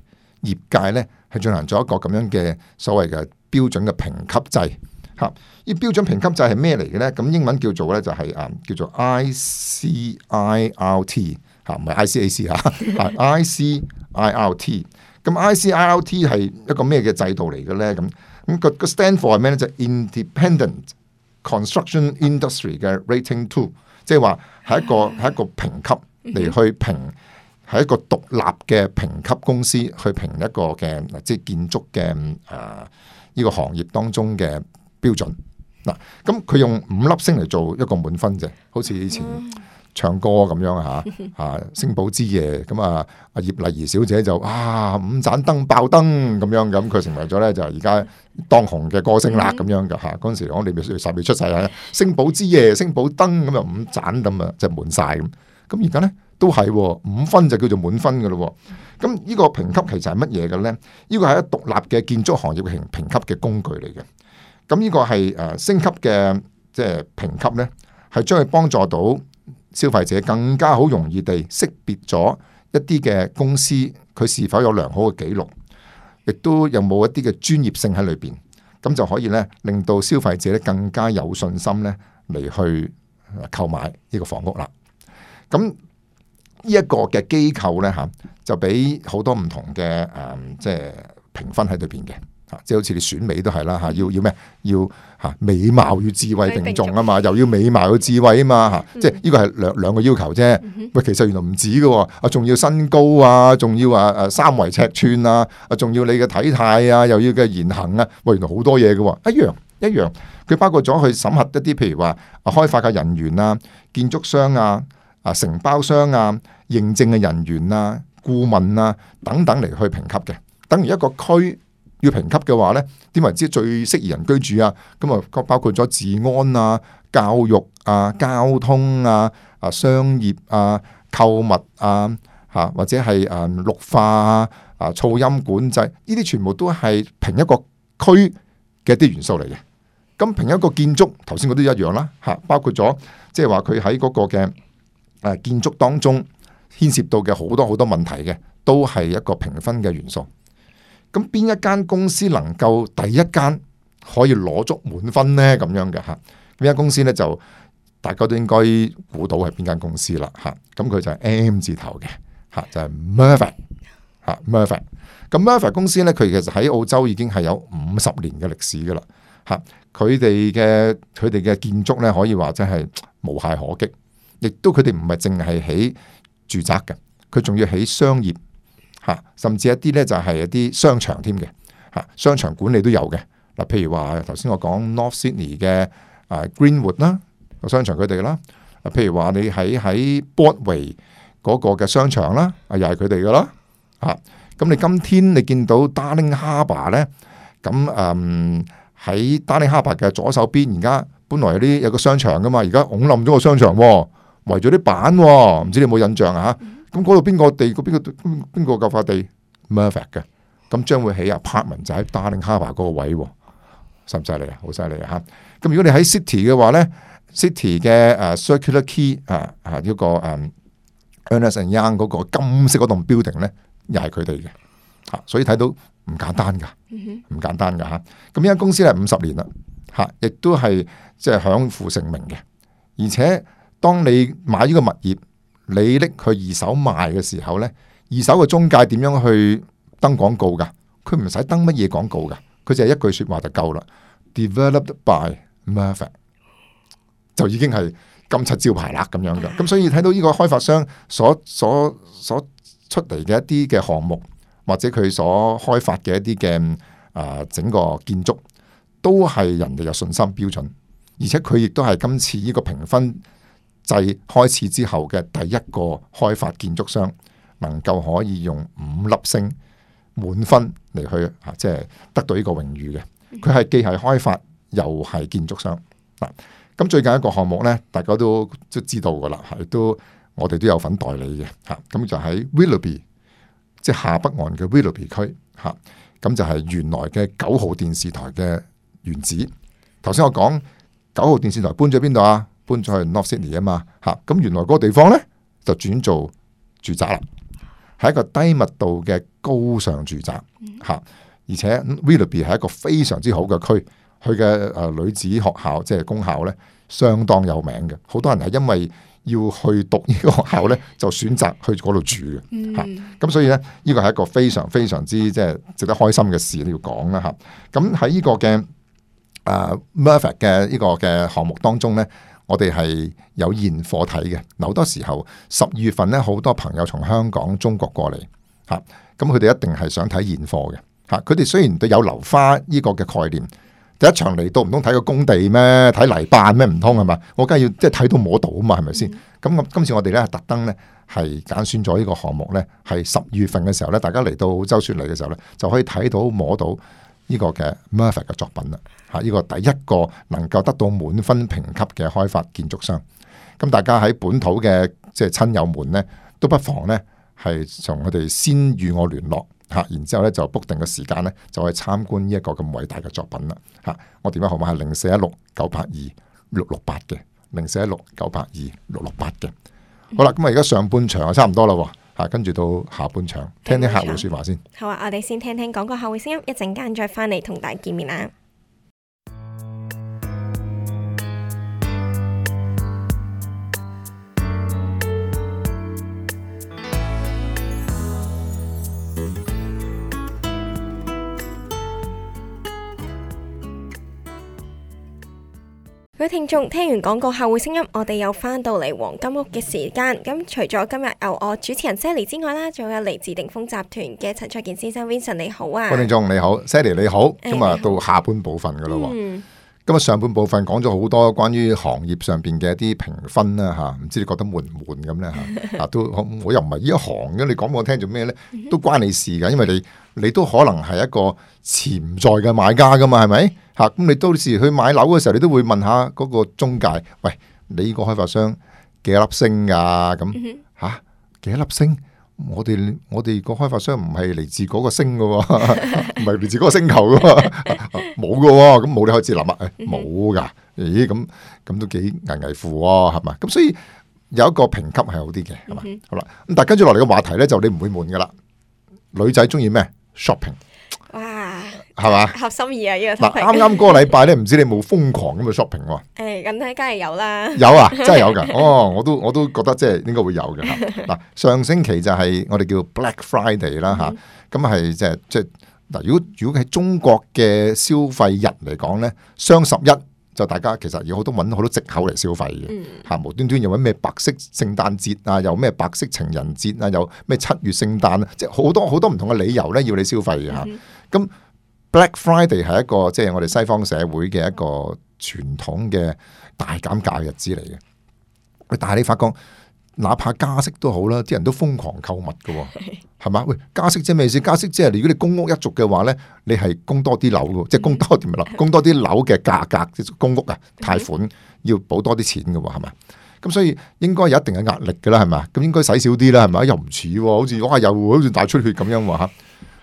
Speaker 2: 業界呢係進行咗一個咁樣嘅所謂嘅標準嘅評級制。嚇、啊，依標準評級制係咩嚟嘅呢？咁英文叫做呢，就係、是、啊，叫做 ICIRT,、啊 ICAC, 啊、 I C I R T 嚇、啊，唔係 I C A C 嚇，I C I R T。咁 I C I R T 係一個咩嘅制度嚟嘅呢？咁咁、那個 stand for 係咩呢？就是、independent。Construction industry 嘅 rating two，即係話係一個，係一個評級嚟去評，係一個獨立嘅評級公司去評一個嘅，即係建築嘅啊呢個行業當中嘅標準嗱，咁啊佢嗯用五粒星嚟做一個滿分啫，好似以前。唱歌咁樣吓，吓星寶之夜咁啊！阿葉麗儀小姐就啊五盞燈爆燈咁樣，咁佢成為咗咧就而家當紅嘅歌星啦，咁樣噶吓。嗰陣時我哋咪十月出世啊，星寶之夜，星寶燈咁就五盞咁啊，即係滿晒咁。咁而家咧都係五分就叫做滿分噶咯。咁呢個評級其實係乜嘢嘅咧？呢個係一獨立嘅建築行業評級嘅工具嚟嘅。咁呢個係誒星級嘅即係評級咧，係將佢幫助到。消費者更加好容易地識別咗一啲嘅公司，佢是否有良好嘅記錄，亦都有冇一啲嘅專業性喺裏邊，咁就可以咧令到消費者咧更加有信心咧嚟去購買呢個房屋啦。咁呢一個嘅機構咧吓、啊，就俾好多唔同嘅，誒，即係評分喺裏邊嘅，啊，即係、啊、好似你選美都係啦，吓要要咩要？要吓，美貌與智慧並重啊嘛，又要美貌又智慧啊嘛，吓、嗯，即係呢個係兩兩個要求啫。喂，其實原來唔止噶，啊，仲要身高啊，仲要啊誒三圍尺寸啊，啊，仲要你嘅體態啊，又要嘅言行啊，喂，原來好多嘢噶，一樣一樣，佢包括咗去審核一啲，譬如話啊，開發嘅人員啊，建築商啊，啊，承包商啊，認證嘅人員啊，顧問啊等等嚟去評級嘅，等於一個區。要評級嘅話呢，點為之最適宜人居住啊？咁啊，包括咗治安啊、教育啊、交通啊、啊商業啊、購物啊，嚇或者係誒綠化啊、噪音管制，呢啲全部都係評一個區嘅啲元素嚟嘅。咁評一個建築，頭先嗰啲一樣啦，嚇包括咗即係話佢喺嗰個嘅誒建築當中牽涉到嘅好多好多問題嘅，都係一個評分嘅元素。咁邊一間公司能夠第一間可以攞足滿分呢？咁樣嘅吓，呢間公司呢，就大家都應該估到係邊間公司啦吓。咁、啊、佢就係 M 字頭嘅吓、啊，就係、是、Mirvac 吓 m e r、啊、v 咁 Mirvac 公司呢，佢其實喺澳洲已經係有五十年嘅歷史噶啦吓。佢哋嘅佢哋嘅建築呢，可以話真係無懈可擊。亦都佢哋唔係淨係起住宅嘅，佢仲要起商業。甚至一啲咧就係一啲商場添嘅，嚇商場管理都有嘅。嗱，譬如話頭先我講 North Sydney 嘅啊 Greenwood 啦個商場佢哋啦，啊譬如話你喺喺 Broadway 嗰個嘅商場啦，啊又係佢哋噶啦，嚇。咁你今天你見到 Darling Harbour 咧，咁誒喺 Darling Harbour 嘅左手邊，而家本來有啲有個商場噶嘛，而家拱冧咗個商場喎，圍咗啲板喎，唔知你有冇印象啊？咁嗰度邊個地？嗰邊個邊個救法地 Mirvac 嘅，咁將會起啊 apartment 就喺 Darling Harbour 嗰個位，犀唔犀利啊？好犀利啊！吓，咁如果你喺 City 嘅話咧，City 嘅誒 Circular Quay 啊啊呢個誒 Ernst and Young 嗰個金色嗰棟 building 咧，又係佢哋嘅吓，所以睇到唔簡單噶，唔簡單噶吓。咁呢間公司咧，五十年啦吓，亦都係即係享負盛名嘅。而且當你買呢個物業。你拎去二手賣嘅時候咧，二手嘅中介點樣去登廣告噶？佢唔使登乜嘢廣告噶，佢就係一句說話就夠啦。Developed by Murphy 就已經係金漆招牌啦，咁樣嘅。咁所以睇到呢個開發商所所所出嚟嘅一啲嘅項目，或者佢所開發嘅一啲嘅、呃、整個建築，都係人哋有信心標準，而且佢亦都係今次呢個評分。制開始之後嘅第一個開發建築商，能夠可以用五粒星滿分嚟，去，即係得到呢個榮譽嘅。佢係既係開發又係建築商。咁最近一個項目呢，大家都都知道噶啦，亦都我哋都有份代理嘅。咁就喺 Willoughby，即係下北岸嘅 Willoughby 區。咁就係原來嘅九號電視台嘅原址。頭先我講九號電視台搬咗邊度啊？搬咗去 North Sydney 啊嘛，嚇，咁原來嗰個地方咧，就轉做住宅啦，係一個低密度嘅高尚住宅嚇，mm -hmm. 而且 Willoughby 係一個非常之好嘅區，佢嘅女子學校即係公校咧，相當有名嘅，好多人係因為要去讀呢個學校咧，就選擇去嗰度住嘅嚇，咁、mm -hmm. 啊、所以咧呢個係一個非常非常之即係值得開心嘅事你要講啦嚇，咁喺呢個嘅啊 Merve 嘅呢個嘅項目當中咧。我哋係有現貨睇嘅，好多時候十二月份咧，好多朋友從香港、中國過嚟，吓咁佢哋一定係想睇現貨嘅，吓佢哋雖然對有樓花呢個嘅概念，第一場嚟到唔通睇個工地咩？睇泥巴咩？唔通係嘛？我梗係要即係睇到摸到啊嘛，係咪先？咁、嗯、我今次我哋咧特登咧係揀選咗呢個項目咧，係十二月份嘅時候咧，大家嚟到周雪梨嘅時候咧，就可以睇到摸到呢個嘅 Murphy 嘅作品啦。吓！呢個第一個能夠得到滿分評級嘅開發建築商，咁大家喺本土嘅即係親友們咧，都不妨呢，係從佢哋先與我聯絡，吓，然之後咧就 book 定個時間呢，就去參觀呢一個咁偉大嘅作品啦。吓，我電話號碼係零四一六九八二六六八嘅，零四一六九八二六六八嘅。好啦，咁啊，而家上半場啊，差唔多啦，吓，跟住到下半場，聽聽客戶說話先。
Speaker 1: 嗯嗯、好啊，我哋先聽聽講個客戶聲音，一陣間再翻嚟同大家見面啦。各位聽眾，聽完廣告客戶聲音，我哋又翻到嚟黃金屋嘅時間。咁除咗今日由我主持人 Sally 之外啦，仲有嚟自鼎豐集團嘅陳焯楗先生 Vincent，你好啊！各位聽
Speaker 2: 眾你好，Sally 你好，今、欸、日到下半部分噶啦。今日上半部分講咗好多關於行業上邊嘅一啲評分啦吓，唔知你覺得悶唔悶咁咧吓？啊 都我又唔係呢一行，嘅。你講俾我聽做咩咧？都關你事噶，因為你你都可能係一個潛在嘅買家噶嘛，係咪？吓、啊、咁你到時去買樓嘅時候，你都會問下嗰個中介，喂，你呢個開發商幾粒星噶？咁吓、嗯啊、幾粒星？我哋我哋個開發商唔係嚟自嗰個星噶、啊，唔係嚟自嗰個星球噶、啊，冇 噶、啊，咁冇你開始諗、嗯哎、啊，冇噶，咦咁咁都幾危危乎啊，係嘛？咁所以有一個評級係好啲嘅，係嘛、嗯？好啦，咁但係跟住落嚟嘅話題咧，就你唔會悶噶啦。女仔中意咩？shopping。係嘛合心
Speaker 1: 意啊呢、這個嗱啱啱嗰個禮拜
Speaker 2: 咧，唔知你冇瘋狂咁嘅 shopping 喎？
Speaker 1: 誒、哎，咁睇梗係有啦，有啊，真係有噶。 哦，
Speaker 2: 我都我都覺得即係應該會有嘅。嗱， 上星期就係我哋叫 Black Friday 啦、嗯、吓，咁係即係即係嗱，如果如果喺中國嘅消費日嚟講咧，雙十一就大家其實要好多揾好多借口嚟消費嘅吓、嗯啊，無端端又咩白色聖誕節啊，又咩白色情人節啊，又咩七月聖誕啊，即係好多好多唔同嘅理由咧，要你消費吓咁。嗯啊 Black Friday 係一個即係、就是、我哋西方社會嘅一個傳統嘅大減價日子嚟嘅。但係你發覺，哪怕加息都好啦，啲人都瘋狂購物嘅，係 嘛？喂，加息即係咩意思？加息即係如果你公屋一族嘅話咧，你係供多啲樓嘅， 即係供多啲樓，供多啲樓嘅價格，公屋啊，貸款要補多啲錢嘅，係嘛？咁所以應該有一定嘅壓力嘅啦，係嘛？咁應該使少啲啦，係咪？又唔似，好似哇，又好似大出血咁樣話。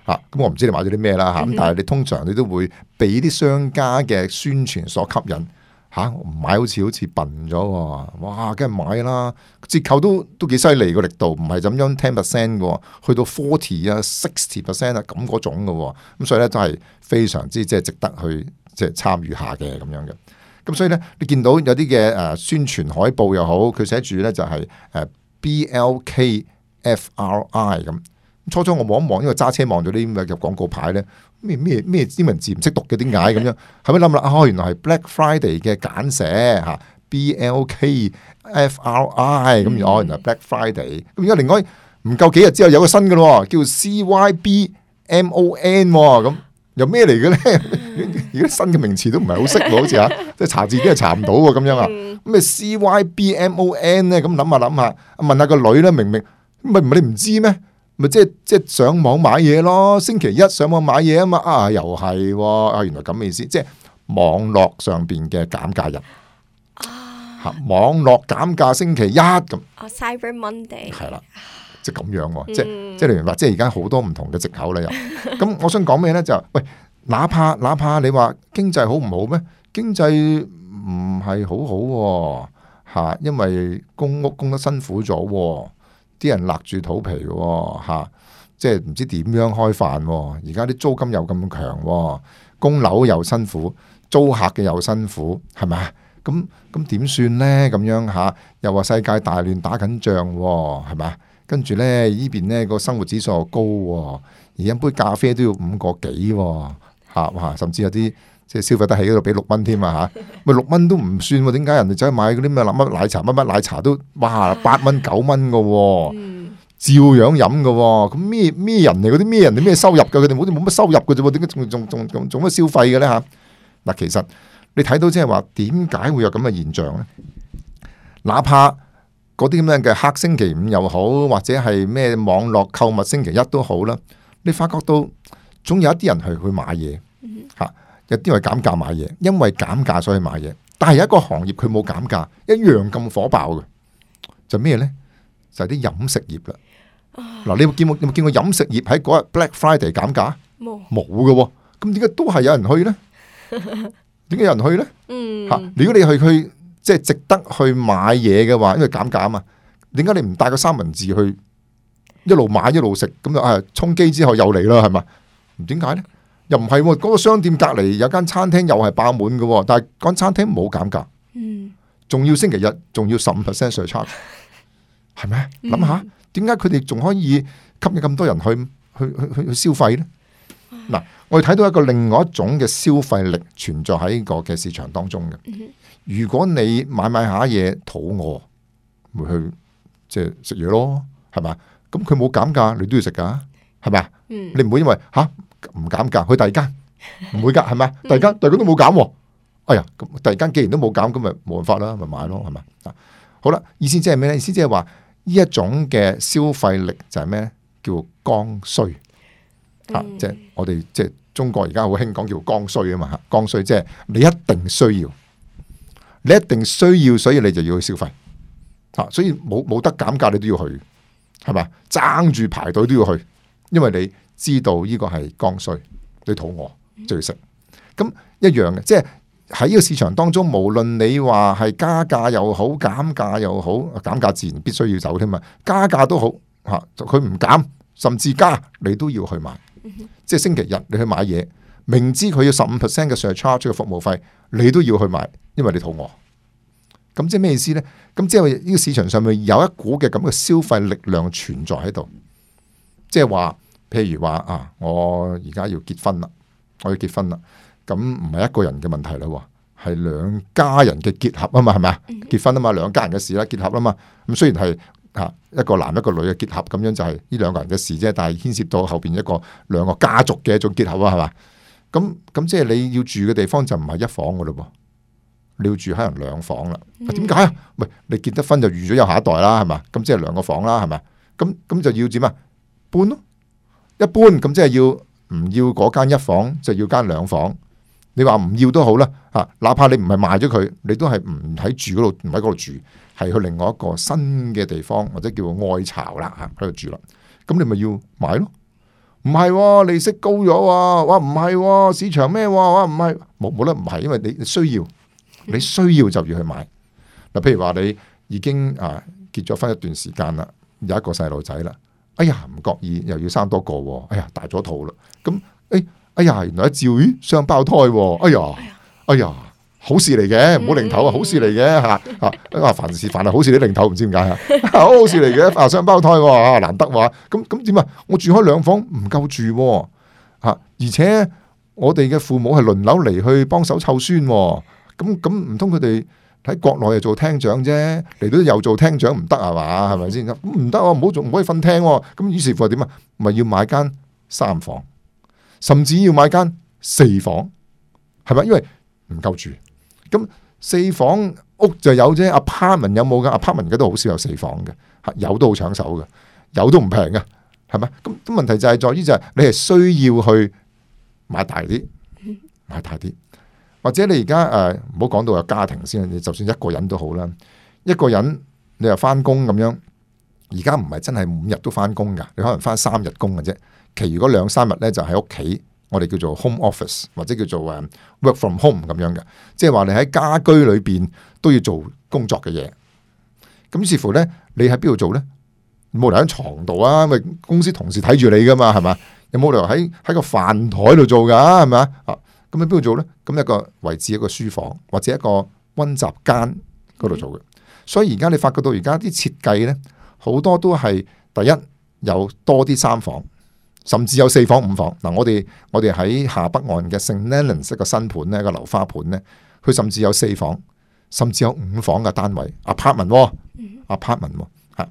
Speaker 2: 嚇、啊！咁、嗯、我唔知你買咗啲咩啦嚇，但係你通常你都會被啲商家嘅宣傳所吸引嚇，唔、啊、買好似好似笨咗喎，哇！梗係買啦，折扣都都幾犀利個力度，唔係咁樣 ten percent 嘅，去到 forty 啊、sixty percent 啊咁嗰種嘅，咁所以咧就係非常之即係值得去即係、就是、參與下嘅咁樣嘅。咁、啊、所以咧，你見到有啲嘅誒宣傳海報又好，佢寫住咧就係誒 BLKFRI 咁。初初我望一望，因為揸車望咗啲入廣告牌咧，咩咩咩啲文字唔識讀嘅，點解咁樣？係咪諗啦？啊、哦，原來係 Black Friday 嘅簡寫吓，B L K F R I 咁、嗯，哦，原來 Black Friday。咁而家另外唔夠幾日之後有一個新嘅咯，叫 C Y B M O N 咁、哦，又咩嚟嘅咧？而 家新嘅名詞都唔係好識喎，好似吓，即 係查自己又查唔到喎，咁樣啊？咩、嗯、C Y B M O N 咧？咁諗下諗下，問下個女啦，明明咪唔係你唔知咩？咪即係即係上網買嘢咯，星期一上網買嘢啊嘛，啊又係，啊原來咁嘅意思，即係網絡上邊嘅減價日啊，網絡減價星期一咁，
Speaker 1: 啊、oh, Cyber Monday 係啦，嗯，即
Speaker 2: 係咁樣，即係即係你明白，即係而家好多唔同嘅借口啦又，咁我想講咩咧就，喂，哪怕哪怕你話經濟好唔好咩，經濟唔係好好，吓，因為供屋供得辛苦咗、啊。啲人勒住肚皮喎、哦啊，即係唔知點樣開飯、哦。而家啲租金又咁強、哦，供樓又辛苦，租客嘅又辛苦，係咪？咁咁點算呢？咁樣嚇、啊，又話世界大亂打緊仗、哦，係咪？跟住呢，這邊呢邊呢個生活指數又高、哦，而一杯咖啡都要五個幾、哦，嚇、啊啊、甚至有啲。即係消費得起嗰度俾六蚊添啊。吓，咪六蚊都唔算喎？點解人哋走去買嗰啲咩乜奶茶乜乜奶茶都哇八蚊九蚊嘅，照樣飲嘅。咁咩咩人嚟？嗰啲咩人嚟咩收入嘅？佢哋好似冇乜收入嘅啫？點解仲仲仲仲做乜消費嘅咧？吓、啊、嗱，其實你睇到即係話，點解會有咁嘅現象咧？哪怕嗰啲咁樣嘅黑星期五又好，或者係咩網絡購物星期一都好啦，你發覺到總有一啲人去去買嘢吓。啊有啲為減價買嘢，因為減價所以買嘢。但係有一個行業佢冇減價，一樣咁火爆嘅，就咩咧？就係啲飲食業啦。嗱，你有冇見過？有冇見過飲食業喺嗰日 Black Friday 減價？冇冇嘅。咁點解都係有人去咧？點解有人去咧？
Speaker 1: 吓、 嗯，如果
Speaker 2: 你去去即係值得去買嘢嘅話，因為減價啊嘛。點解你唔帶個三文治去一路買一路食咁就啊？充飢之後又嚟啦，係嘛？唔點解咧？又唔係嗰個商店隔籬有間餐廳又係爆滿嘅，但係嗰間餐廳冇減價，仲要星期日，仲要十五 percent 嘅，係咪？諗下點解佢哋仲可以吸引咁多人去去去去消費呢？嗱、啊啊，我哋睇到一個另外一種嘅消費力存在喺個嘅市場當中嘅。如果你買買下嘢肚餓，咪去即係食嘢咯，係咪？咁佢冇減價，你都要食噶，係咪？嗯、你唔會因為吓。啊唔減價，去第二間，唔 會噶係咪啊？第二間， 第二間都冇減，哎呀，咁第二間既然都冇減，咁咪冇辦法啦，咪買咯，係嘛？好啦，意思即係咩咧？意思即係話呢一種嘅消費力就係咩？叫剛需、嗯、啊！即係我哋即係中國而家好興講叫剛需啊嘛，剛需即係你一定需要，你一定需要，所以你就要去消費啊！所以冇冇得減價，你都要去，係咪啊？爭住排隊都要去。因為你知道呢個係剛需，你肚餓就要食，咁一樣嘅，即係喺呢個市場當中，無論你話係加價又好，減價又好，減價自然必須要走添嘛，加價都好嚇，佢唔減，甚至加你都要去買，即係星期日你去買嘢，明知佢要十五 percent 嘅 surcharge 嘅服務費，你都要去買，因為你肚餓。咁即係咩意思呢？咁即係呢個市場上面有一股嘅咁嘅消費力量存在喺度。即係話，譬如話啊，我而家要結婚啦，我要結婚啦，咁唔係一個人嘅問題啦，係兩家人嘅結合啊嘛，係咪啊？結婚啊嘛，兩家人嘅事啦，結合啦嘛。咁雖然係啊一個男一個女嘅結合，咁樣就係呢兩個人嘅事啫，但係牽涉到後邊一個兩個家族嘅一種結合啊，係嘛？咁咁即係你要住嘅地方就唔係一房噶咯，你要住可能兩房啦。點解啊？唔你結得婚就預咗有下一代啦，係嘛？咁即係兩個房啦，係咪？咁咁就要點啊？般咯，一般咁即係要唔要嗰間一房就要間兩房，你話唔要都好啦吓，哪怕你唔係賣咗佢，你都係唔喺住嗰度，唔喺嗰度住，係去另外一個新嘅地方或者叫愛巢啦吓，喺度住啦，咁你咪要買咯？唔係、啊、利息高咗，話唔係市場咩話唔係冇冇得唔係？因為你需要，你需要就要去買。嗱，譬如話你已經啊結咗婚一段時間啦，有一個細路仔啦。哎呀，唔覺意又要生多個，哎呀大咗肚啦，咁、哎、誒，哎呀，原來一照咦雙胞胎，哎呀，哎呀，好事嚟嘅，唔好零頭啊，好事嚟嘅吓吓，你、嗯 啊、凡事凡係好事你零頭，唔知點解 啊，好好事嚟嘅，啊雙胞胎啊，啊難得話、啊，咁咁點啊？我住開兩房唔夠住、啊，吓，而且我哋嘅父母係輪流嚟去幫手湊孫，咁咁唔通佢哋？喺國內又做廳長啫，嚟到又做廳長唔得係嘛，係咪先？唔得啊，唔好做，唔可以瞓廳。咁於是乎點啊？咪要買間三房，甚至要買間四房，係咪？因為唔夠住。咁四房屋就有啫，apartment 有冇噶？apartment 而家都好少有四房嘅，有都好搶手嘅，有都唔平噶，係咪？咁咁問題於就係在於就係你係需要去買大啲，買大啲。或者你而家誒，唔好講到有家庭先，你就算一個人都好啦，一個人你又翻工咁樣，而家唔係真係五日都翻工噶，你可能翻三日工嘅啫，其餘嗰兩三日咧就喺屋企，我哋叫做 home office 或者叫做 work from home 咁樣嘅，即係話你喺家居裏邊都要做工作嘅嘢。咁似乎咧，你喺邊度做咧？冇理由喺床度啊，因為公司同事睇住你噶嘛，係嘛？你有冇理由喺喺個飯台度做噶？係咪？啊！咁喺邊度做咧？咁一個位置，一個書房或者一個溫習間嗰度做嘅。所以而家你發覺到而家啲設計咧，好多都係第一有多啲三房，甚至有四房、五房。嗱、嗯嗯，我哋我哋喺下北岸嘅聖 Leonards 嘅新盤咧，個樓花盤咧，佢甚至有四房，甚至有五房嘅單位。apartment、apartment 吓，咁、嗯啊、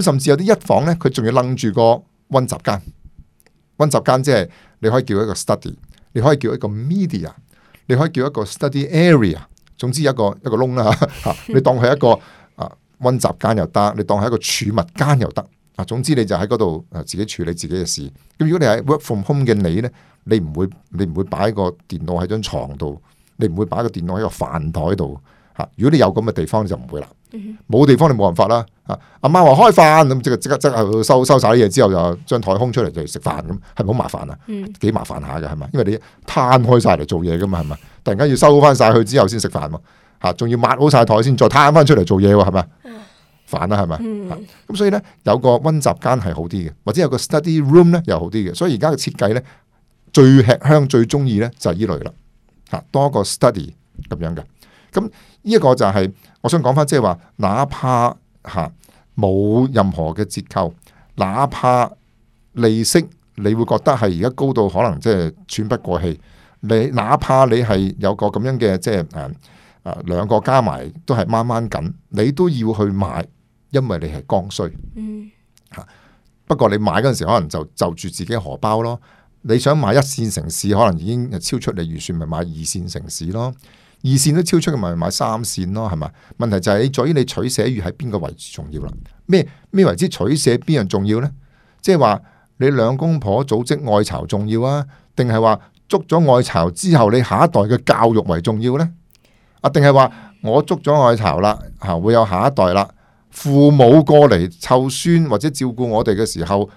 Speaker 2: 甚至有啲一房咧，佢仲要楞住個溫習間，溫習間即係你可以叫一個 study。你可以叫一個 media，你可以叫一個 study area，總之一個一個窿啦吓，你當佢一個啊溫習間又得，你當係一個儲物間又得，啊總之你就喺嗰度啊自己處理自己嘅事。咁如果你係 work from home 嘅你呢，你唔會你唔會擺個電腦喺張床度，你唔會擺個電腦喺個飯台度。吓，如果你有咁嘅地、嗯、地方你就唔會啦，冇地方你冇辦法啦。阿媽話開飯咁，即係即刻即係收收晒啲嘢之後，就將台空出嚟嚟食飯咁，係咪好麻煩啊，嗯，幾麻煩下嘅係咪？因為你攤開晒嚟做嘢噶嘛係咪？突然間要收翻晒去之後先食飯喎，吓、啊，仲要抹好晒台先再攤翻出嚟做嘢喎係咪？煩啦係咪？咁、嗯啊、所以咧有個溫習間係好啲嘅，或者有個 study room 咧又好啲嘅，所以而家嘅設計咧最吃香最中意咧就係、是、呢類啦，吓、啊、多個 study 咁樣嘅，咁。呢、這個就係，我想講翻，即係話，哪怕吓冇任何嘅折扣，哪怕利息你會覺得係而家高到可能即係喘不過氣，你哪怕你係有個咁樣嘅即係誒誒兩個加埋都係掹掹緊，你都要去買，因為你係剛需。吓、嗯，不過你買嗰陣時可能就就住自己荷包咯，你想買一線城市可能已經超出你預算，咪買二線城市咯。二線都超出嘅咪買三線咯，係咪？問題就係在於你取捨於喺邊個位置重要啦。咩咩為之取捨，邊樣重要呢？即係話你兩公婆組織外巢重要啊，定係話捉咗外巢之後，你下一代嘅教育為重要呢？啊，定係話我捉咗外巢啦，嚇、啊、會有下一代啦。父母過嚟湊孫或者照顧我哋嘅時候，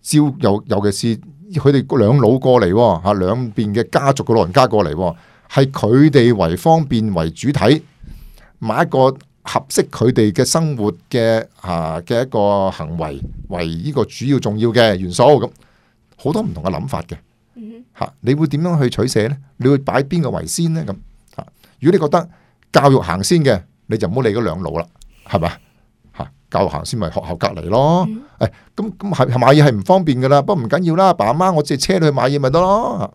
Speaker 2: 照又尤其是佢哋兩老過嚟，嚇、啊、兩邊嘅家族嘅老人家過嚟。係佢哋為方便為主體，買一個合適佢哋嘅生活嘅啊嘅一個行為為呢個主要重要嘅元素咁，好多唔同嘅諗法嘅吓、嗯啊，你會點樣去取捨咧？你會擺邊個為先咧？咁、啊、吓，如果你覺得教育行先嘅，你就唔好理嗰兩路啦，係咪？吓、啊？教育行先咪學校隔離咯，誒、嗯，咁咁係係買嘢係唔方便噶啦，不過唔緊要啦，爸阿媽我借車你去買嘢咪得咯。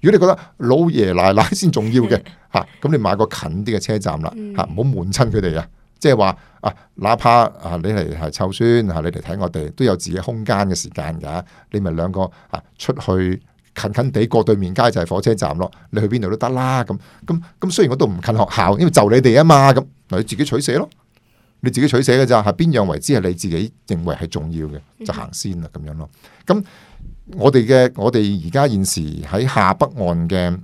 Speaker 2: 如果你覺得老爺奶奶先重要嘅吓，咁、啊、你買個近啲嘅車站啦吓，唔好悶親佢哋啊！即係話啊，哪怕啊你嚟係湊孫吓，你嚟睇我哋都有自己空間嘅時間噶、啊。你咪兩個啊出去近近地過對面街就係火車站咯。你去邊度都得啦咁咁咁。啊、雖然我都唔近學校，因為就你哋啊嘛咁，你自己取捨咯，你自己取捨嘅咋？係邊、啊、樣為之係你自己認為係重要嘅，就先行先啦咁樣咯。咁、啊。啊我哋嘅我哋而家現時喺下北岸嘅，